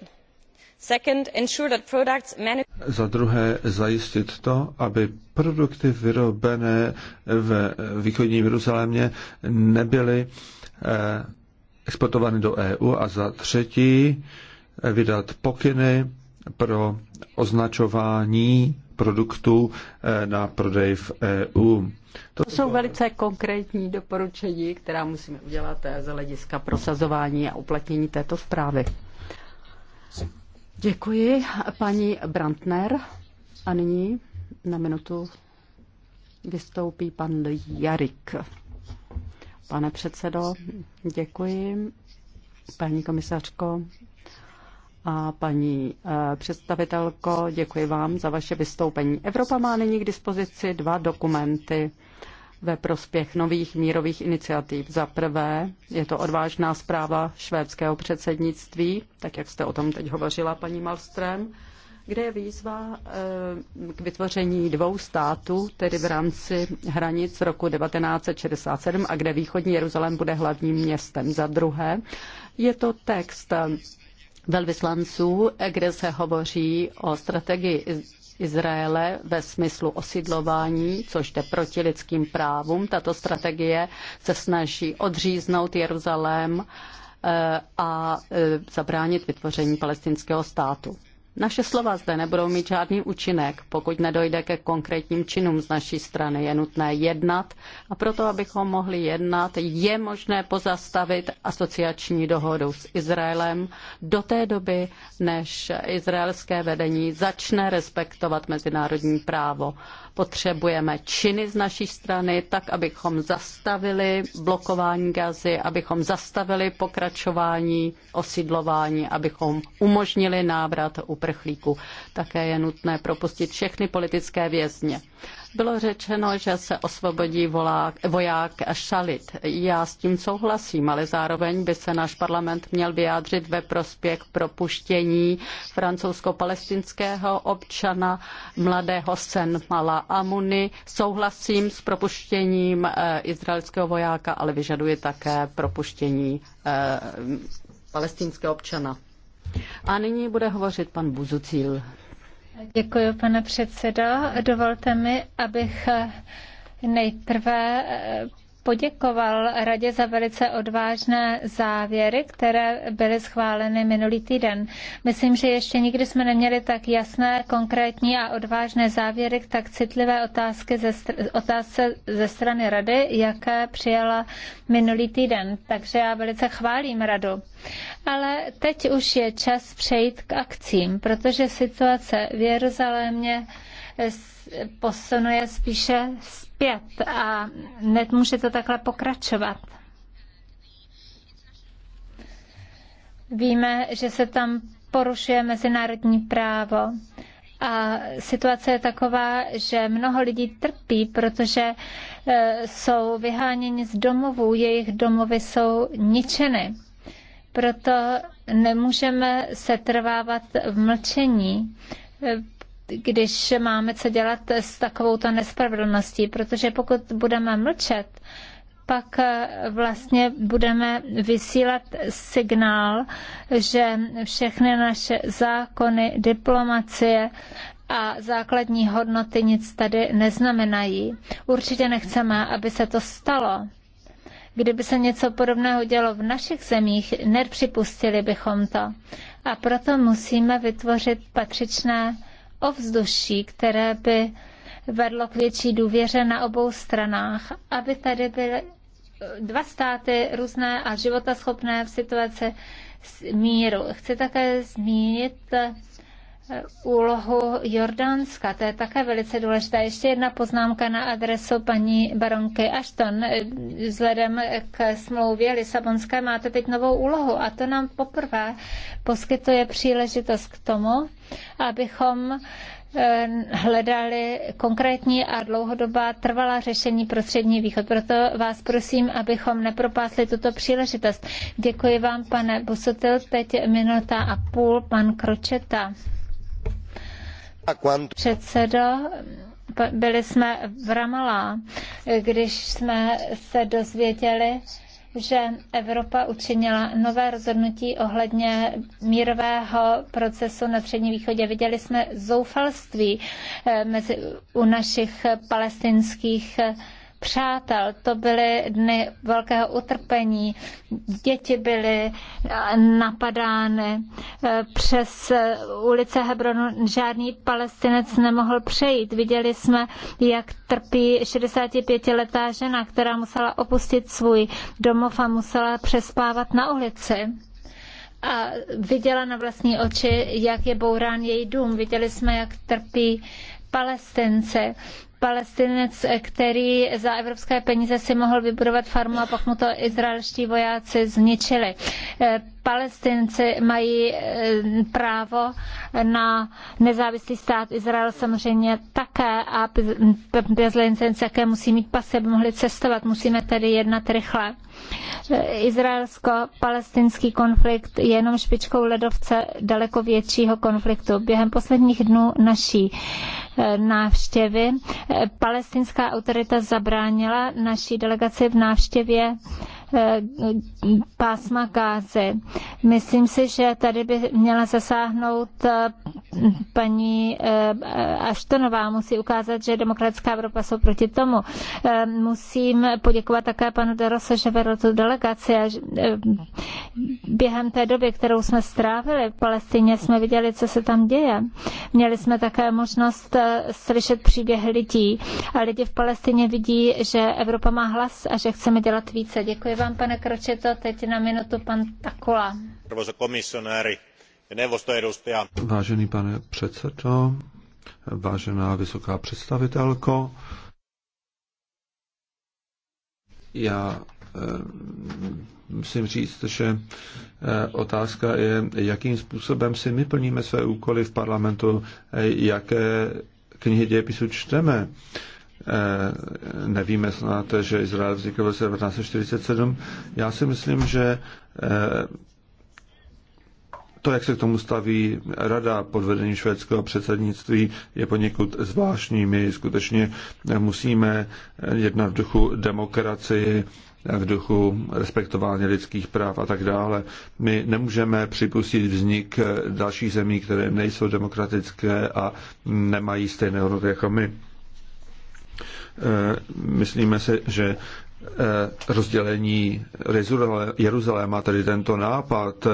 second ensure that products manufactured. druhé zajistit to, aby produkty vyrobené v východním Jeruzalémě nebyly eh, exportovány do EU a za třetí eh, vydat pokyny pro označování produktů eh, na prodej v EU. To, to jsou velice konkrétní doporučení, která musíme udělat eh, z hlediska prosazování a uplatnění této zprávy. Děkuji, paní Brantner. A nyní na minutu vystoupí pan Jarik. Pane předsedo, děkuji. Paní komisařko, a paní eh, představitelko, děkuji vám za vaše vystoupení. Evropa má nyní k dispozici dva dokumenty ve prospěch nových mírových iniciativ. Za prvé je to odvážná zpráva švédského předsednictví, tak jak jste o tom teď hovořila, paní Malström, kde je výzva eh, k vytvoření dvou států, tedy v rámci hranic roku 1967 a kde východní Jeruzalém bude hlavním městem. Za druhé je to text velvyslanců, kde se hovoří o strategii Izraele ve smyslu osidlování, což jde proti lidským právům. Tato strategie se snaží odříznout Jeruzalém eh, a eh, zabránit vytvoření palestinského státu. Naše slova zde nebudou mít žádný účinek, pokud nedojde ke konkrétním činům z naší strany. Je nutné jednat a proto, abychom mohli jednat, je možné pozastavit asociační dohodu s Izraelem do té doby, než izraelské vedení začne respektovat mezinárodní právo. Potřebujeme činy z naší strany, tak abychom zastavili blokování gazy, abychom zastavili pokračování osidlování, abychom umožnili návrat úplně uprchlíků. Také je nutné propustit všechny politické vězně. Bylo řečeno, že se osvobodí volák, voják Šalit. Já s tím souhlasím, ale zároveň by se náš parlament měl vyjádřit ve prospěch propuštění francouzsko-palestinského občana mladého Sen Mala Amuny. Souhlasím s propuštěním eh, izraelského vojáka, ale vyžaduje také propuštění eh, palestinského občana. A nyní bude hovořit pan Buzucíl. Děkuji, pane předsedo. Dovolte mi, abych nejprve poděkoval Radě za velice odvážné závěry, které byly schváleny minulý týden. Myslím, že ještě nikdy jsme neměli tak jasné, konkrétní a odvážné závěry k tak citlivé otázky ze, otázce ze strany Rady, jaké přijala minulý týden. Takže já velice chválím Radu. Ale teď už je čas přejít k akcím, protože situace v Jeruzalémě posunuje spíše z zpět a může to takhle pokračovat. Víme, že se tam porušuje mezinárodní právo. A situace je taková, že mnoho lidí trpí, protože e, jsou vyháněni z domovů, jejich domovy jsou ničeny. Proto nemůžeme setrvávat v mlčení. E, když máme co dělat s takovouto nespravedlností, protože pokud budeme mlčet, pak eh, vlastně budeme vysílat signál, že všechny naše zákony, diplomacie a základní hodnoty nic tady neznamenají. Určitě nechceme, aby se to stalo. Kdyby se něco podobného dělo v našich zemích, nepřipustili bychom to. A proto musíme vytvořit patřičné ovzduší, které by vedlo k větší důvěře na obou stranách, aby tady byly dva státy různé a životaschopné v situaci míru. Chci také zmínit úlohu Jordánska. To je také velice důležité. Ještě jedna poznámka na adresu paní baronky Ashton. Vzhledem k smlouvě Lisabonské máte teď novou úlohu a to nám poprvé poskytuje příležitost k tomu, abychom eh, hledali konkrétní a dlouhodobá trvalá řešení pro Střední východ. Proto vás prosím, abychom nepropásli tuto příležitost. Děkuji vám, pane Busutil. Teď minuta a půl, pan Kročeta. Předsedo, byli jsme v Ramalá, když jsme se dozvěděli, že Evropa učinila nové rozhodnutí ohledně mírového procesu na Středním východě. Viděli jsme zoufalství eh, mezi, u našich palestinských eh, přátel. To byly dny velkého utrpení. Děti byly eh, napadány. Eh, přes eh, ulice Hebronu žádný palestinec nemohl přejít. Viděli jsme, jak trpí 65-letá žena, která musela opustit svůj domov a musela přespávat na ulici a viděla na vlastní oči, jak je bourán její dům. Viděli jsme, jak trpí palestince palestinec, který za evropské peníze si mohl vybudovat farmu a pak mu to izraelští vojáci zničili. Eh, Palestinci mají eh, právo na nezávislý stát. Izrael samozřejmě také a bez také musí mít pasy, aby mohli cestovat. Musíme tedy jednat rychle. Eh, Izraelsko-palestinský konflikt je jenom špičkou ledovce daleko většího konfliktu. Během posledních dnů naší eh, návštěvy palestinská autorita zabránila naší delegaci v návštěvě Eh, pásma gáze. Myslím si, že tady by měla zasáhnout eh, paní eh, Aštonová musí ukázat, že demokratická Evropa jsou proti tomu. Eh, musím poděkovat také panu Derose, že vedl tu delegaci a eh, během té doby, kterou jsme strávili v Palestině, jsme viděli, co se tam děje. Měli jsme také možnost slyšet příběh lidí a lidi v Palestině vidí, že Evropa má hlas a že chceme dělat více. Děkuji vám, pane Kročeto. Teď na minutu pan Takula. Arvoisa komisionääri, Vážený pane předsedo, vážená vysoká představitelko, já eh, musím říct, že eh, otázka je, jakým způsobem si my plníme své úkoly v parlamentu, eh, jaké knihy dějepisu čteme. Nevíme snad, že Izrael vznikl v roce 1947. Já si myslím, že to, jak se k tomu staví rada pod vedením švédského předsednictví, je poněkud zvláštní. My skutečně musíme jednat v duchu demokracii, v duchu respektování lidských práv a tak dále. My nemůžeme připustit vznik dalších zemí, které nejsou demokratické a nemají stejné hodnoty jako my. Eh, myslíme si, že eh, rozdělení Jeruzaléma, tedy tento nápad,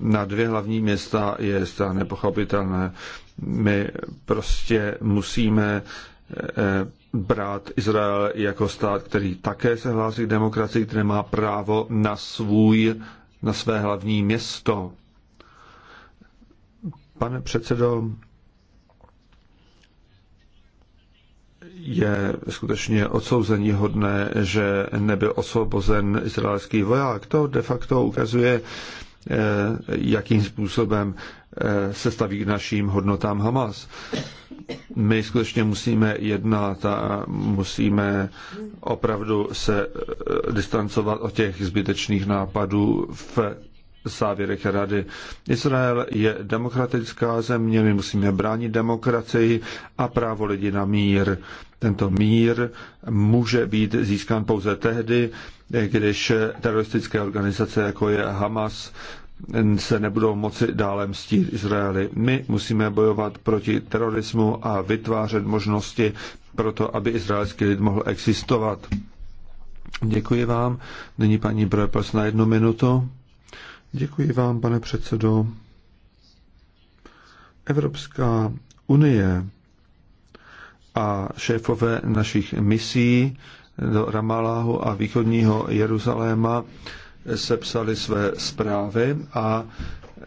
na dvě hlavní města je zcela nepochopitelné. My prostě musíme eh, brát Izrael jako stát, který také se hlásí k demokracii, který má právo na, svůj, na své hlavní město. Pane předsedo, je skutečně odsouzení hodné, že nebyl osvobozen izraelský voják. To de facto ukazuje, Eh, jakým způsobem eh, se staví k našim hodnotám Hamas. My skutečně musíme jednat a musíme opravdu se eh, distancovat od těch zbytečných nápadů v závěrek rady. Izrael je demokratická země, my musíme bránit demokracii a právo lidí na mír. Tento mír může být získán pouze tehdy, když teroristické organizace, jako je Hamas, se nebudou moci dále mstít Izraeli. My musíme bojovat proti terorismu a vytvářet možnosti pro to, aby izraelský lid mohl existovat. Děkuji vám. Nyní paní Brepels na jednu minutu. Děkuji vám, pane předsedo. Evropská unie a šéfové našich misí do Ramaláhu a východního Jeruzaléma sepsali své zprávy a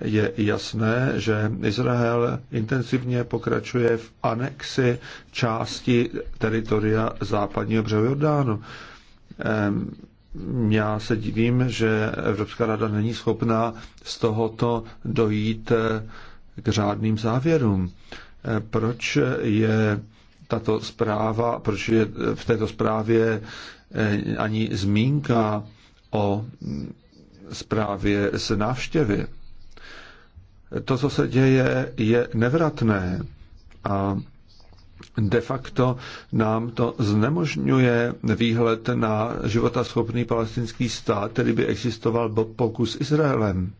je jasné, že Izrael intenzivně pokračuje v anexi části teritoria západního břehu Jordánu já se divím, že Evropská rada není schopná z tohoto dojít eh, k řádným závěrům. Eh, proč je tato zpráva, proč je eh, v této zprávě ani zmínka o mm, zprávě z návštěvy? To, co se děje, je nevratné a de facto nám to znemožňuje výhled na životaschopný palestinský stát, který by existoval pokus s Izraelem.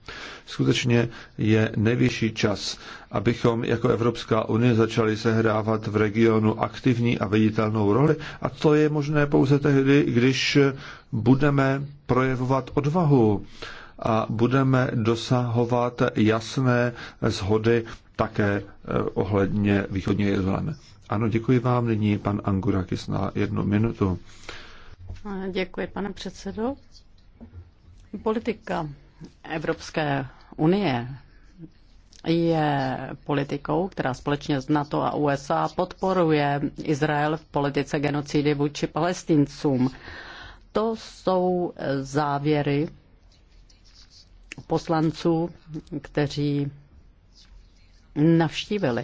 Skutečně je nejvyšší čas, abychom jako Evropská unie začali sehrávat v regionu aktivní a viditelnou roli. A to je možné pouze tehdy, když budeme projevovat odvahu a budeme dosahovat jasné zhody také eh, ohledně východního Jeruzaléma. Ano, děkuji vám. Nyní pan Angurakis na jednu minutu. Děkuji, pane předsedo. Politika Evropské unie je politikou, která společně s NATO a USA podporuje Izrael v politice genocidy vůči palestincům. To jsou závěry poslanců, kteří navštívili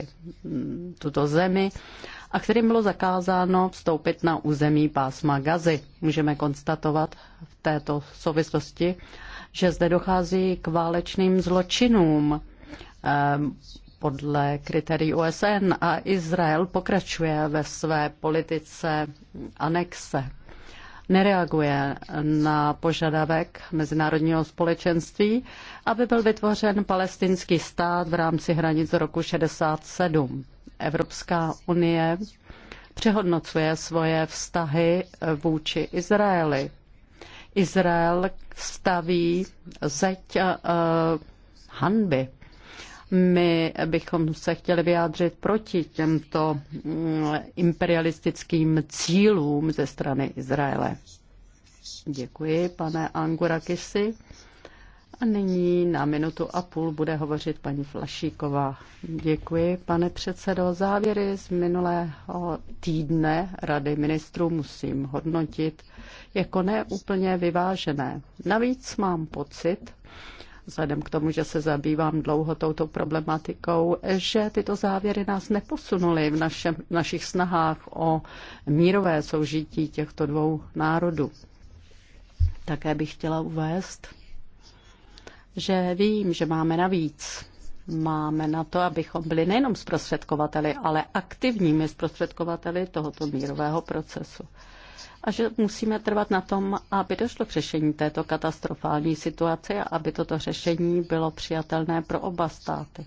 tuto zemi a kterým bylo zakázáno vstoupit na území pásma Gazy. Můžeme konstatovat v této souvislosti, že zde dochází k válečným zločinům ehm, podle kritérií OSN a Izrael pokračuje ve své politice anexe nereaguje na požadavek mezinárodního společenství, aby byl vytvořen palestinský stát v rámci hranic roku 67. Evropská unie přehodnocuje svoje vztahy vůči Izraeli. Izrael staví zeď uh, hanby my bychom se chtěli vyjádřit proti těmto mm, imperialistickým cílům ze strany Izraele. Děkuji, pane Angurakisi. A nyní na minutu a půl bude hovořit paní Flašíková. Děkuji, pane předsedo. Závěry z minulého týdne Rady ministrů musím hodnotit jako neúplně vyvážené. Navíc mám pocit, vzhledem k tomu, že se zabývám dlouho touto problematikou, že tyto závěry nás neposunuly v, našem, v našich snahách o mírové soužití těchto dvou národů. Také bych chtěla uvést, že vím, že máme navíc. Máme na to, abychom byli nejenom zprostředkovateli, ale aktivními zprostředkovateli tohoto mírového procesu a že musíme trvat na tom, aby došlo k řešení této katastrofální situace a aby toto řešení bylo přijatelné pro oba státy.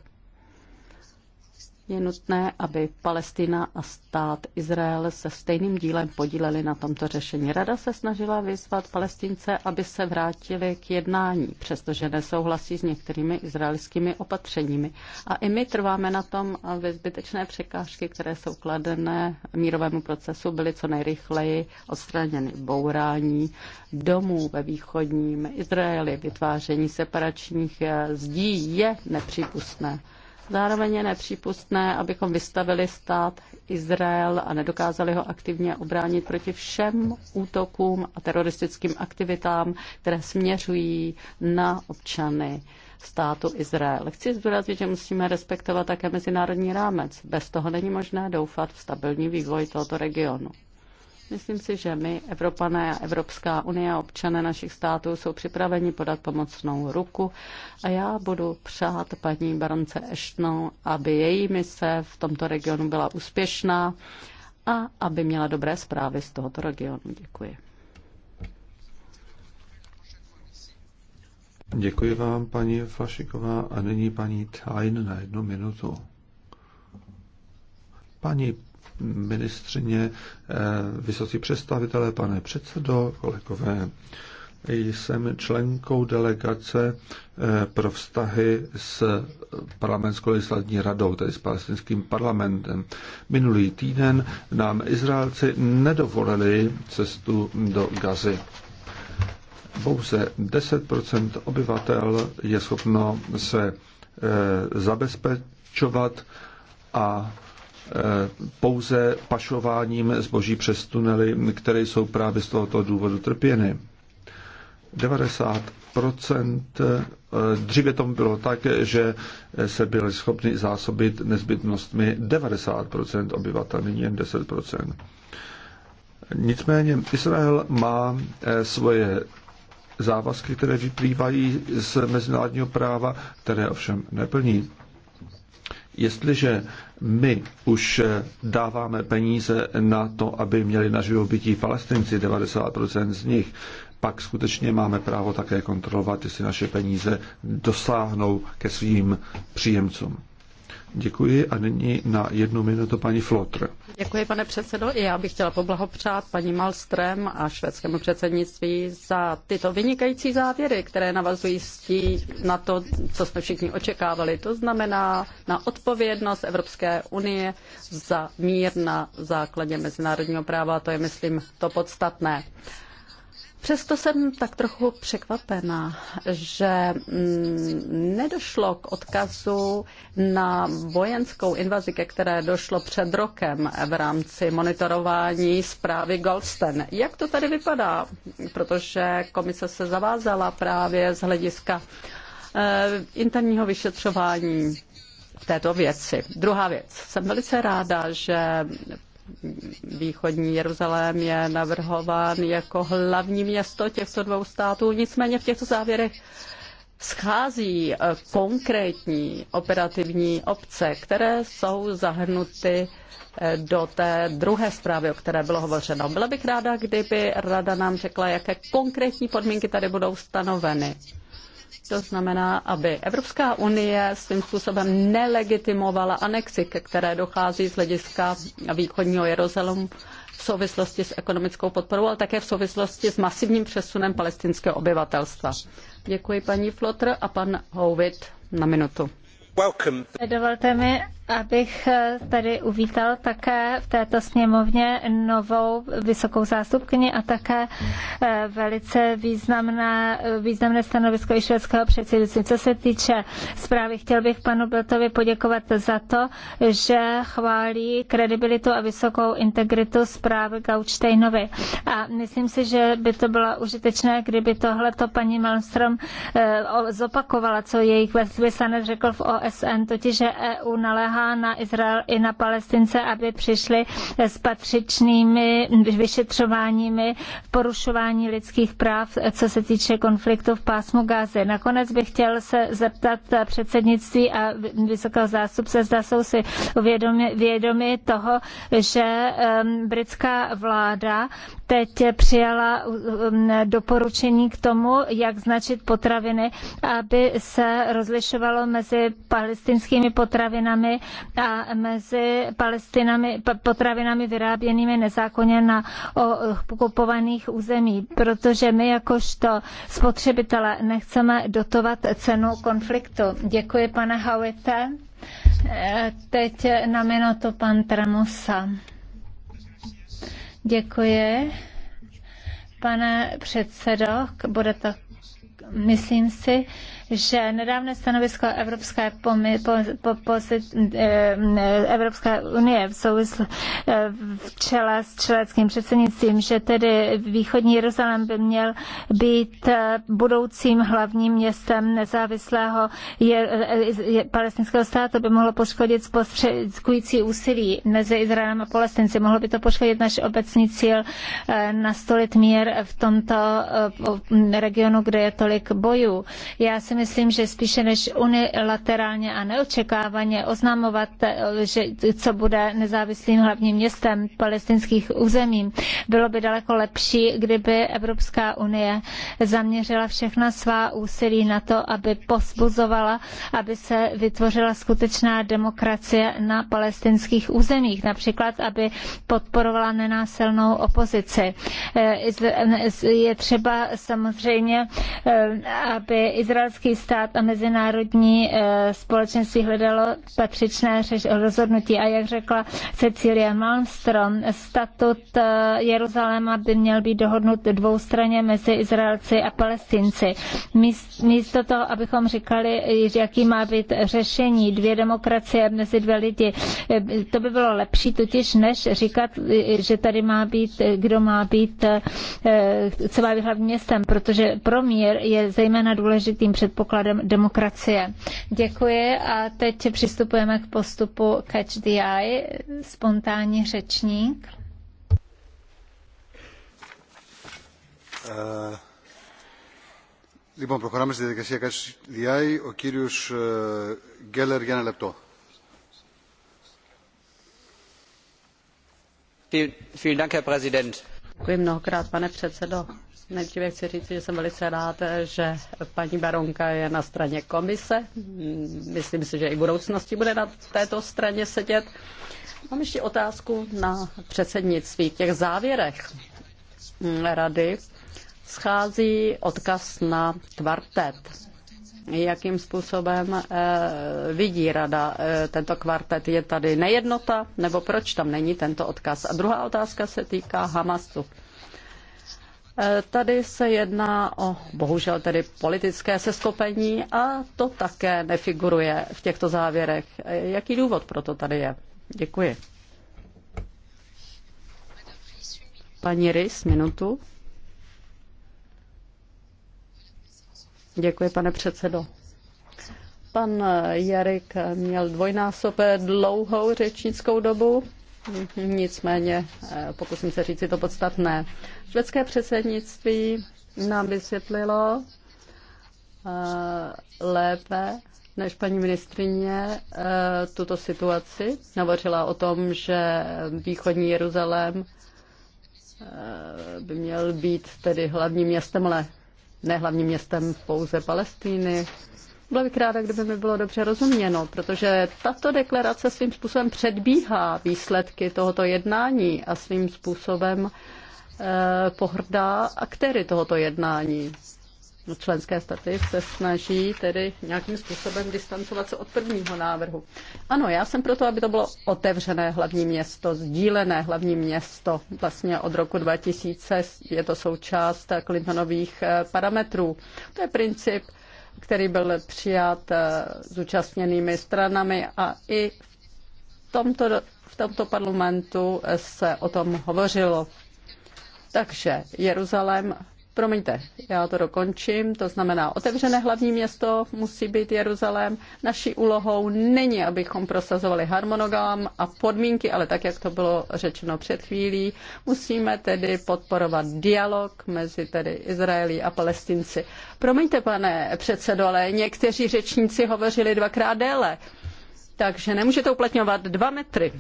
Je nutné, aby Palestina a stát Izrael se stejným dílem podíleli na tomto řešení. Rada se snažila vyzvat palestince, aby se vrátili k jednání, přestože nesouhlasí s některými izraelskými opatřeními. A i my trváme na tom, aby zbytečné překážky, které jsou kladené mírovému procesu, byly co nejrychleji odstraněny. Bourání domů ve východním Izraeli, vytváření separačních eh, zdí je nepřípustné. Zároveň je nepřípustné, abychom vystavili stát Izrael a nedokázali ho aktivně obránit proti všem útokům a teroristickým aktivitám, které směřují na občany státu Izrael. Chci zdůraznit, že musíme respektovat také mezinárodní rámec. Bez toho není možné doufat v stabilní vývoj tohoto regionu. Myslím si, že my, Evropané a Evropská unie a občané našich států jsou připraveni podat pomocnou ruku a já budu přát paní baronce Eštnou, aby její mise v tomto regionu byla úspěšná a aby měla dobré zprávy z tohoto regionu. Děkuji. Děkuji vám, paní Flašiková, a nyní paní Tajn na jednu minutu. Paní ministřině, eh, vysocí představitelé, pane předsedo, kolegové. Jsem členkou delegace eh, pro vztahy s parlamentskou legislativní radou, tedy s palestinským parlamentem. Minulý týden nám Izraelci nedovolili cestu do Gazy. Pouze 10 obyvatel je schopno se eh, zabezpečovat a Eh, pouze pašováním zboží přes tunely, které jsou právě z tohoto důvodu trpěny. 90 eh, Dříve tomu bylo tak, že se byli schopni zásobit nezbytnostmi 90 obyvatel, nyní jen 10 Nicméně Izrael má eh, svoje závazky, které vyplývají z mezinárodního práva, které ovšem neplní. Jestliže my už eh, dáváme peníze na to, aby měli na živobytí palestinci, 90% z nich, pak skutečně máme právo také kontrolovat, jestli naše peníze dosáhnou ke svým příjemcům. Děkuji a nyní na jednu minutu paní Flotr. Děkuji, pane předsedo. I já bych chtěla poblahopřát paní Malstrem a švédskému předsednictví za tyto vynikající závěry, které navazují na to, co jsme všichni očekávali. To znamená na odpovědnost Evropské unie za mír na základě mezinárodního práva. To je, myslím, to podstatné. Přesto jsem tak trochu překvapena, že mm, nedošlo k odkazu na vojenskou invazi, ke které došlo před rokem v rámci monitorování zprávy Goldstein. Jak to tady vypadá? Protože komise se zavázala právě z hlediska eh, interního vyšetřování této věci. Druhá věc. Jsem velice ráda, že Východní Jeruzalém je navrhován jako hlavní město těchto dvou států, nicméně v těchto závěrech schází eh, konkrétní operativní obce, které jsou zahrnuty eh, do té druhé zprávy, o které bylo hovořeno. Byla bych ráda, kdyby rada nám řekla, jaké konkrétní podmínky tady budou stanoveny. To znamená, aby Evropská unie svým způsobem nelegitimovala anexi, ke které dochází z hlediska východního Jeruzalému v souvislosti s ekonomickou podporou, ale také v souvislosti s masivním přesunem palestinského obyvatelstva. Děkuji paní Flotr a pan Houvit na minutu. Welcome. Dovolte mi, abych eh, tady uvítal také v této sněmovně novou vysokou zástupkyni a také eh, velice významné, eh, významné stanovisko i švédského předsednictví. Co se týče zprávy, chtěl bych panu Biltovi poděkovat za to, že chválí kredibilitu a vysokou integritu zprávy Gaučtejnovi. A myslím si, že by to bylo užitečné, kdyby tohleto paní Malmström zopakovala, co jejich vyslanec řekl v OSN, totiž, že EU naléhá pomáhá na Izrael i na Palestince, aby přišli s patřičnými vyšetřováními porušování lidských práv, co se týče konfliktu v pásmu Gázy. Nakonec bych chtěl se zeptat předsednictví a vysokého zástupce, zda jsou si vědomi, vědomi toho, že britská vláda teď přijala doporučení k tomu, jak značit potraviny, aby se rozlišovalo mezi palestinskými potravinami a mezi palestinami, potravinami vyráběnými nezákonně na okupovaných území, protože my jakožto spotřebitele nechceme dotovat cenu konfliktu. Děkuji, pane Hawite. E, teď na minutu pan Tramosa. Děkuji. Pane předsedo, bude to, myslím si, že nedávné stanovisko Evropské, pomi, po, po, posit, eh, Evropské unie v eh, v čele s čeleckým předsednictvím, že tedy východní Jeruzalém by měl být eh, budoucím hlavním městem nezávislého je, je, palestinského státu, by mohlo poškodit spostředkující úsilí mezi Izraelem a Palestinci. Mohlo by to poškodit náš obecný cíl nastolit mír v tomto regionu, kde je tolik bojů. Já si myslím, že spíše než unilaterálně a neočekávaně oznamovat, eh, že co bude nezávislým hlavním městem palestinských území, bylo by daleko lepší, kdyby Evropská unie zaměřila všechna svá úsilí na to, aby posbuzovala, aby se vytvořila skutečná demokracie na palestinských územích, například aby podporovala nenásilnou opozici. Eh, je třeba samozřejmě, eh, aby izraelský členský stát a mezinárodní eh, společenství hledalo patřičné rozhodnutí. A jak řekla Cecilia Malmström, statut eh, Jeruzaléma by měl být dohodnut dvoustraně mezi Izraelci a Palestinci. Místo toho, abychom říkali, jaký má být řešení dvě demokracie mezi dvě lidi, eh, to by bylo lepší totiž, než říkat, že tady má být, kdo má být, co má být hlavním městem, protože pro mír je zejména důležitým předpokladem předpokladem demokracie. Děkuji a teď přistupujeme k postupu Catch the Eye, spontánní řečník. Eh, λοιπόν, προχωράμε στη διαδικασία Catch Ο κύριος Γκέλλερ για ένα λεπτό. Vielen Dank, Herr Präsident Děkuji mnohokrát, pane předsedo. Nejdříve chci říct, že jsem velice rád, že paní Baronka je na straně komise. Myslím si, že i v budoucnosti bude na této straně sedět. Mám ještě otázku na předsednictví. V těch závěrech rady schází odkaz na kvartet jakým způsobem eh, vidí rada eh, tento kvartet. Je tady nejednota, nebo proč tam není tento odkaz? A druhá otázka se týká Hamasu. Eh, tady se jedná o bohužel tedy politické seskopení a to také nefiguruje v těchto závěrech. Jaký důvod pro to tady je? Děkuji. Paní Rys, minutu. Děkuji, pane předsedo. Pan Jarek měl dvojnásobně dlouhou řečnickou dobu, nicméně eh, pokusím se říct si to podstatné. Švédské předsednictví nám vysvětlilo eh, lépe než paní ministrině eh, tuto situaci. navořila o tom, že východní Jeruzalém by měl být tedy hlavním městem, ale ne hlavním městem pouze Palestíny. Byla bych ráda, kdyby mi bylo dobře rozuměno, protože tato deklarace svým způsobem předbíhá výsledky tohoto jednání a svým způsobem eh, pohrdá aktéry tohoto jednání členské státy se snaží tedy nějakým způsobem distancovat se od prvního návrhu. Ano, já jsem proto, aby to bylo otevřené hlavní město, sdílené hlavní město. Vlastně od roku 2000 je to součást Clintonových eh, parametrů. To je princip, který byl přijat zúčastněnými eh, stranami a i v tomto, v tomto parlamentu se o tom hovořilo. Takže Jeruzalém Promiňte, já to dokončím. To znamená, otevřené hlavní město musí být Jeruzalém. Naší úlohou není, abychom prosazovali harmonogram a podmínky, ale tak, jak to bylo řečeno před chvílí, musíme tedy podporovat dialog mezi tedy Izraelí a Palestinci. Promiňte, pane předsedo, ale někteří řečníci hovořili dvakrát déle, takže nemůžete uplatňovat dva metry.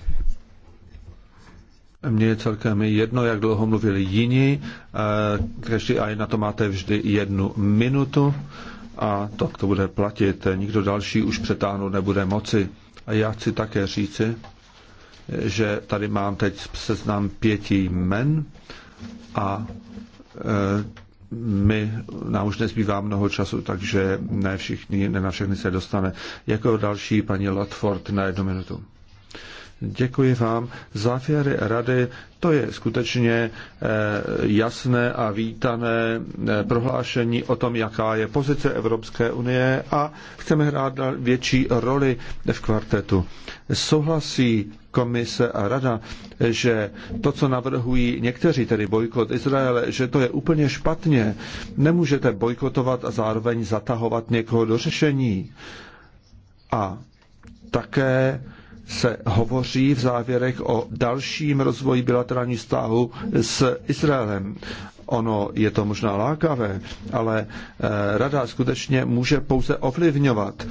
Mně je celkem jedno, jak dlouho mluvili jiní. Každý a na to máte vždy jednu minutu a tak to bude platit. Nikdo další už přetáhnout nebude moci. A já chci také říci, že tady mám teď seznam pěti jmen a e, my, nám už nezbývá mnoho času, takže ne, všichni, ne na všechny se dostane. Jako další paní Latford na jednu minutu. Děkuji vám. Závěry rady, to je skutečně eh, jasné a vítané eh, prohlášení o tom, jaká je pozice Evropské unie a chceme hrát větší roli v kvartetu. Souhlasí komise a rada, že to, co navrhují někteří, tedy bojkot Izraele, že to je úplně špatně. Nemůžete bojkotovat a zároveň zatahovat někoho do řešení. A také se hovoří v závěrech o dalším rozvoji bilaterální vztahu s Izraelem. Ono je to možná lákavé, ale eh, rada skutečně může pouze ovlivňovat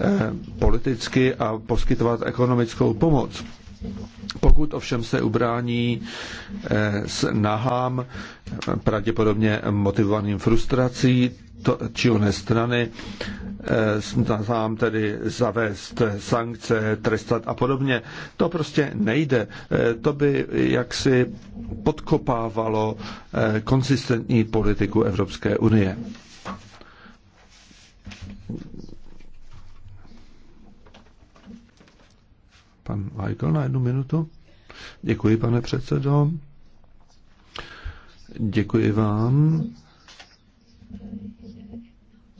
eh, politicky a poskytovat ekonomickou pomoc. Pokud ovšem se ubrání eh, s nahám, pravděpodobně motivovaným frustrací, to, či oné strany nám eh, tedy zavést sankce, trestat a podobně. To prostě nejde. Eh, to by jaksi podkopávalo eh, konsistentní politiku Evropské unie. Pan Weigl na jednu minutu. Děkuji, pane předsedo. Děkuji vám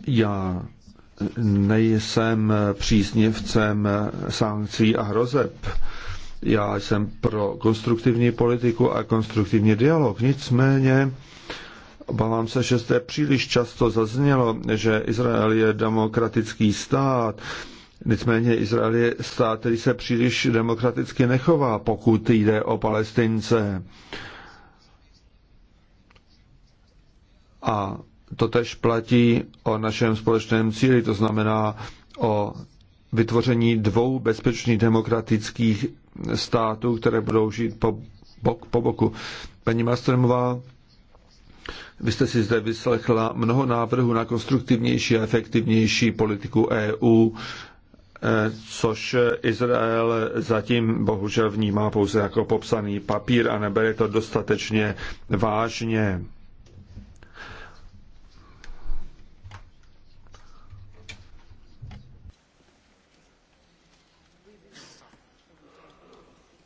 já nejsem příznivcem sankcí a hrozeb. Já jsem pro konstruktivní politiku a konstruktivní dialog. Nicméně obávám se, že zde příliš často zaznělo, že Izrael je demokratický stát. Nicméně Izrael je stát, který se příliš demokraticky nechová, pokud jde o Palestince. A to tež platí o našem společném cíli, to znamená o vytvoření dvou bezpečných demokratických států, které budou žít po, bok po boku. Paní Mastromová, vy jste si zde vyslechla mnoho návrhů na konstruktivnější a efektivnější politiku EU, eh, což Izrael zatím bohužel vnímá pouze jako popsaný papír a nebere to dostatečně vážně.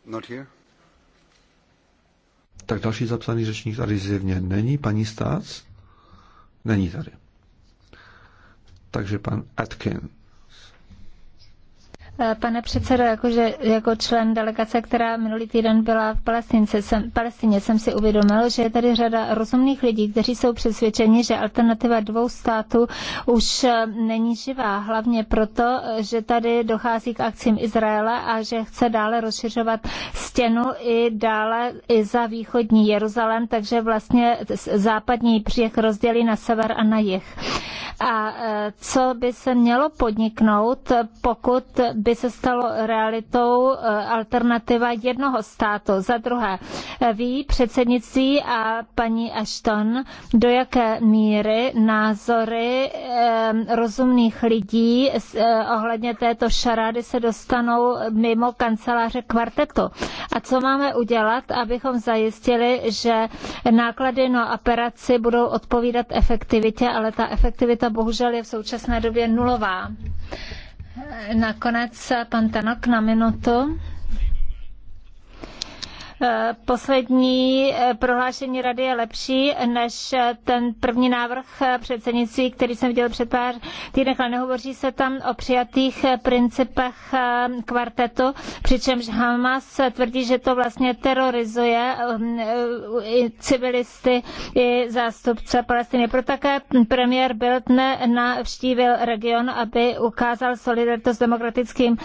Not here. Tak další zapsaný řečník tady zjevně není. Paní Stác? Není tady. Takže pan Atkin. Pane předsedo, jakože, jako člen delegace, která minulý týden byla v Palestince, jsem, Palestině, jsem si uvědomil, že je tady řada rozumných lidí, kteří jsou přesvědčeni, že alternativa dvou států už eh, není živá, hlavně proto, že tady dochází k akcím Izraele a že chce dále rozšiřovat stěnu i dále i za východní Jeruzalém, takže vlastně západní příjeh rozdělí na sever a na jih a e, co by se mělo podniknout, pokud by se stalo realitou e, alternativa jednoho státu. Za druhé, e, ví předsednictví a paní Ashton, do jaké míry názory rozumných lidí ohledně této šarády se dostanou mimo kanceláře kvartetu. A co máme udělat, abychom zajistili, že náklady na operaci budou odpovídat efektivitě, ale ta efektivita ta bohužel je v současné době nulová. Nakonec pan Tanok na minutu poslední eh, prohlášení rady je lepší než eh, ten první návrh eh, předsednictví, který jsem viděl před pár týdnech, ale nehovoří se tam o přijatých principech kvartetu, přičemž Hamas tvrdí, že to vlastně terorizuje um, civilisty i zástupce Palestiny. Proto také premiér Bild navštívil region, aby ukázal solidaritu s demokratickým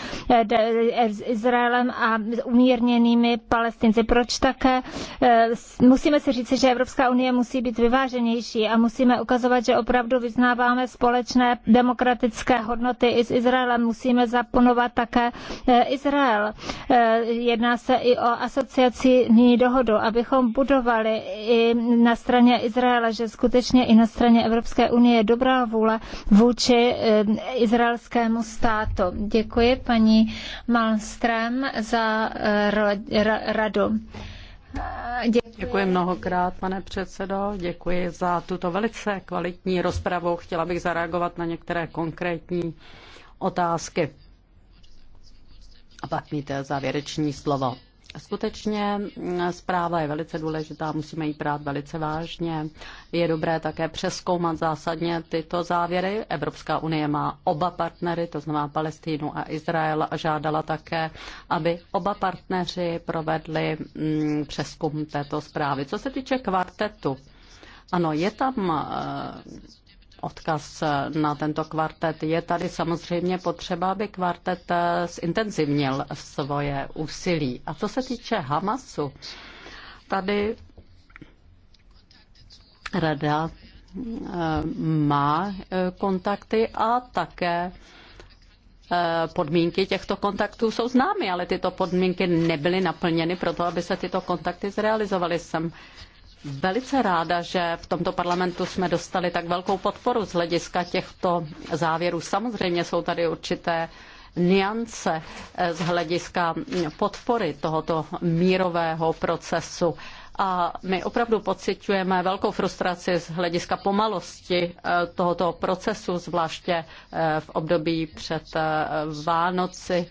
Izraelem a umírněnými Palestinci krizi. Proč také eh, musíme si říct, že Evropská unie musí být vyváženější a musíme ukazovat, že opravdu vyznáváme společné demokratické hodnoty i s Izraelem. Musíme zaponovat také eh, Izrael. Eh, jedná se i o asociační dohodu, abychom budovali i na straně Izraela, že skutečně i na straně Evropské unie je dobrá vůle vůči izraelskému státu. Děkuji paní Malmström za radu. Děkuji. Děkuji mnohokrát, pane předsedo. Děkuji za tuto velice kvalitní rozpravu. Chtěla bych zareagovat na některé konkrétní otázky. A pak mít závěreční slovo. Skutečně mm, zpráva je velice důležitá, musíme ji brát velice vážně. Je dobré také přeskoumat zásadně tyto závěry. Evropská unie má oba partnery, to znamená Palestínu a Izrael, a žádala také, aby oba partneři provedli mm, přeskum této zprávy. Co se týče kvartetu, ano, je tam eh, odkaz na tento kvartet. Je tady samozřejmě potřeba, aby kvartet eh, zintenzivnil svoje úsilí. A co se týče Hamasu, tady rada eh, má eh, kontakty a také podmínky těchto kontaktů jsou známy, ale tyto podmínky nebyly naplněny proto, aby se tyto kontakty zrealizovaly. Jsem velice ráda, že v tomto parlamentu jsme dostali tak velkou podporu z hlediska těchto závěrů. Samozřejmě jsou tady určité niance eh, z hlediska podpory tohoto mírového procesu. A my opravdu pociťujeme velkou frustraci z hlediska pomalosti eh, tohoto procesu, zvláště eh, v období před Vánoci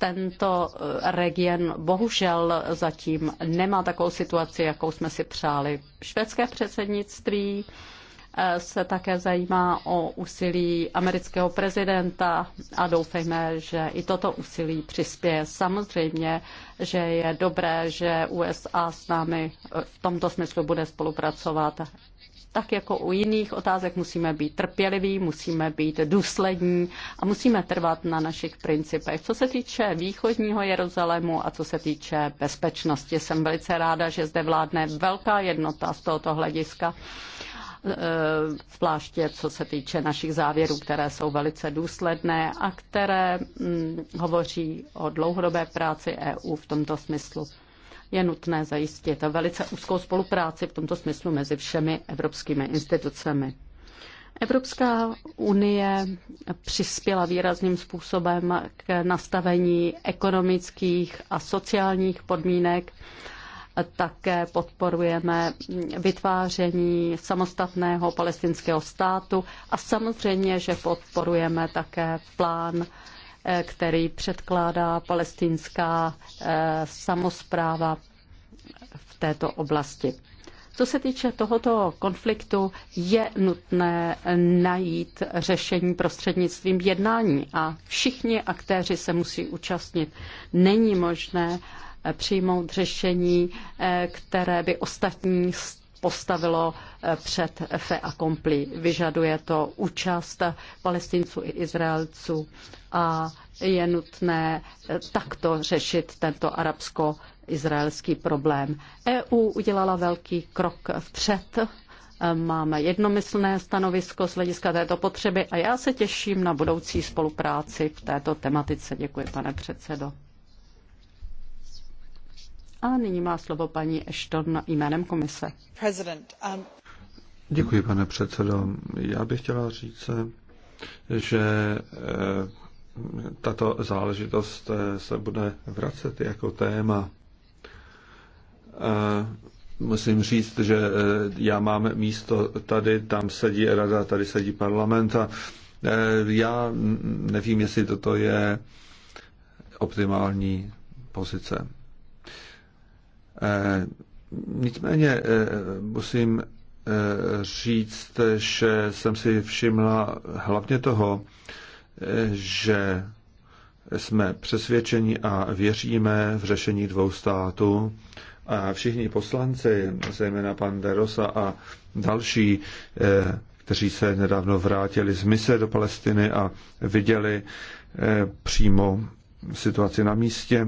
tento eh, region bohužel zatím nemá takovou situaci, jakou jsme si přáli. Švédské předsednictví eh, se také zajímá o úsilí amerického prezidenta a doufejme, že i toto úsilí přispěje. Samozřejmě, že je dobré, že USA s námi v tomto smyslu bude spolupracovat tak jako u jiných otázek musíme být trpěliví, musíme být důslední a musíme trvat na našich principech. Co se týče východního Jeruzalému a co se týče bezpečnosti, jsem velice ráda, že zde vládne velká jednota z tohoto hlediska e, zvláště co se týče našich závěrů, které jsou velice důsledné a které mm, hovoří o dlouhodobé práci EU v tomto smyslu je nutné zajistit velice úzkou spolupráci v tomto smyslu mezi všemi evropskými institucemi. Evropská unie přispěla výrazným způsobem k nastavení ekonomických a sociálních podmínek. Také podporujeme vytváření samostatného palestinského státu a samozřejmě, že podporujeme také plán Eh, který předkládá palestinská eh, samozpráva v této oblasti. Co se týče tohoto konfliktu, je nutné najít řešení prostřednictvím jednání a všichni aktéři se musí účastnit. Není možné přijmout řešení, eh, které by ostatní postavilo eh, před fe a kompli. Vyžaduje to účast palestinců i Izraelců a je nutné eh, takto řešit tento arabsko-izraelský problém. EU udělala velký krok vpřed eh, máme jednomyslné stanovisko z hlediska této potřeby a já se těším na budoucí spolupráci v této tematice. Děkuji, pane předsedo. A nyní má slovo paní Ashton jménem komise. Um, Děkuji, pane předsedo. Já bych chtěla říct, že eh, tato záležitost eh, se bude vracet jako téma. Eh, musím říct, že já mám místo tady, tam sedí rada, tady sedí parlament a já nevím, jestli toto je optimální pozice. Eh, nicméně eh, musím eh, říct, že jsem si všimla hlavně toho, že jsme přesvědčeni a věříme v řešení dvou států a všichni poslanci, zejména pan Derosa a další, kteří se nedávno vrátili z mise do Palestiny a viděli přímo situaci na místě,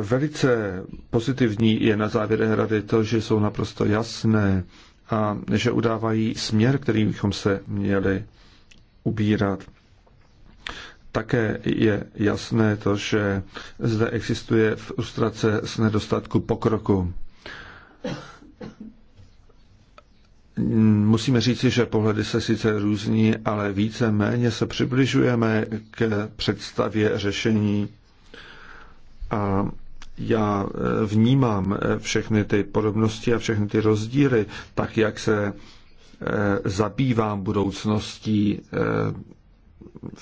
Velice pozitivní je na závěr rady to, že jsou naprosto jasné a že udávají směr, kterým bychom se měli ubírat. Také je jasné to, že zde existuje frustrace z nedostatku pokroku. Musíme říci, že pohledy se sice různí, ale více méně se přibližujeme k představě řešení a já eh, vnímám eh, všechny ty podobnosti a všechny ty rozdíly, tak jak se eh, zabývám budoucností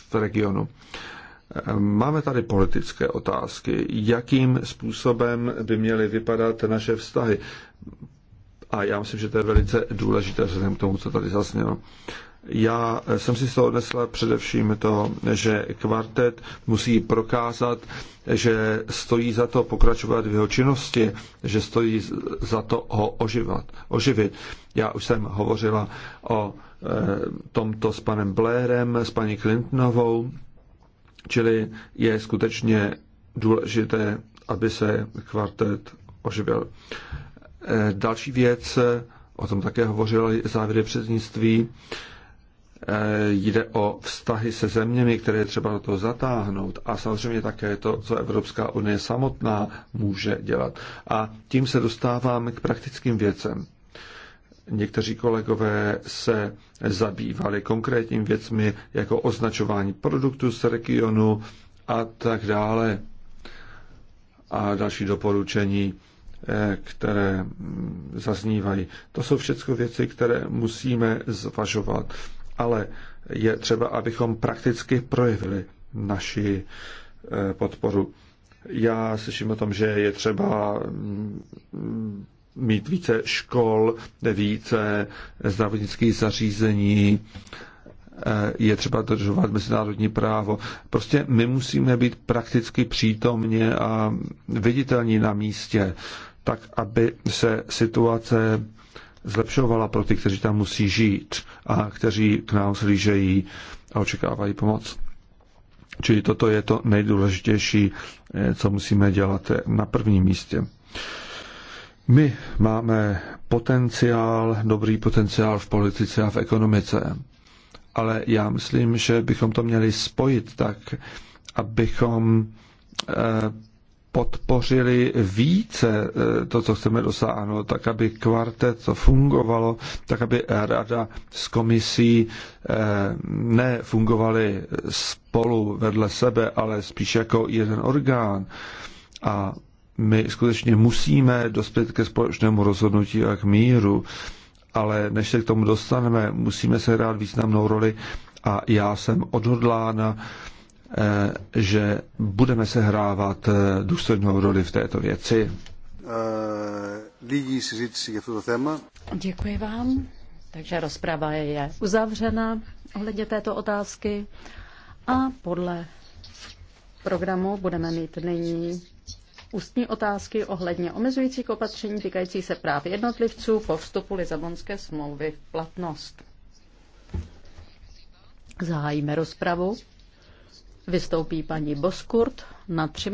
v regionu. Máme tady politické otázky. Jakým způsobem by měly vypadat naše vztahy? A já myslím, že to je velice důležité vzhledem k tomu, co tady zaznělo. Já jsem si z toho odnesla především to, že kvartet musí prokázat, že stojí za to pokračovat v jeho činnosti, že stojí za to ho oživat, oživit. Já už jsem hovořila o e, tomto s panem Blairem, s paní Clintonovou, čili je skutečně důležité, aby se kvartet oživil. E, další věc, o tom také hovořila závěry předsednictví, Eh, jde o vztahy se zeměmi, které je třeba do toho zatáhnout a samozřejmě také to, co Evropská unie samotná může dělat. A tím se dostáváme k praktickým věcem. Někteří kolegové se zabývali konkrétními věcmi jako označování produktů z regionu a tak dále. A další doporučení eh, které zaznívají. To jsou všechno věci, které musíme zvažovat ale je třeba, abychom prakticky projevili naši eh, podporu. Já slyším o tom, že je třeba mm, mít více škol, více zdravotnických zařízení, eh, je třeba dodržovat mezinárodní právo. Prostě my musíme být prakticky přítomně a viditelní na místě, tak aby se situace zlepšovala pro ty, kteří tam musí žít a kteří k nám slížejí a očekávají pomoc. Čili toto je to nejdůležitější, eh, co musíme dělat eh, na prvním místě. My máme potenciál, dobrý potenciál v politice a v ekonomice, ale já myslím, že bychom to měli spojit tak, abychom eh, podpořili více eh, to, co chceme dosáhnout, tak aby kvartet to fungovalo, tak aby rada s komisí eh, nefungovaly spolu vedle sebe, ale spíš jako jeden orgán. A my skutečně musíme dospět ke společnému rozhodnutí a k míru, ale než se k tomu dostaneme, musíme se hrát významnou roli a já jsem odhodlána Eh, že budeme sehrávat eh, důstojnou roli v této věci. Eh, Děkuji vám. Takže rozprava je uzavřena ohledně této otázky a podle programu budeme mít nyní ústní otázky ohledně omezujících opatření týkající se práv jednotlivců po vstupu Lizabonské smlouvy v platnost. Zahájíme rozpravu. Vystoupí paní Boskurt na tři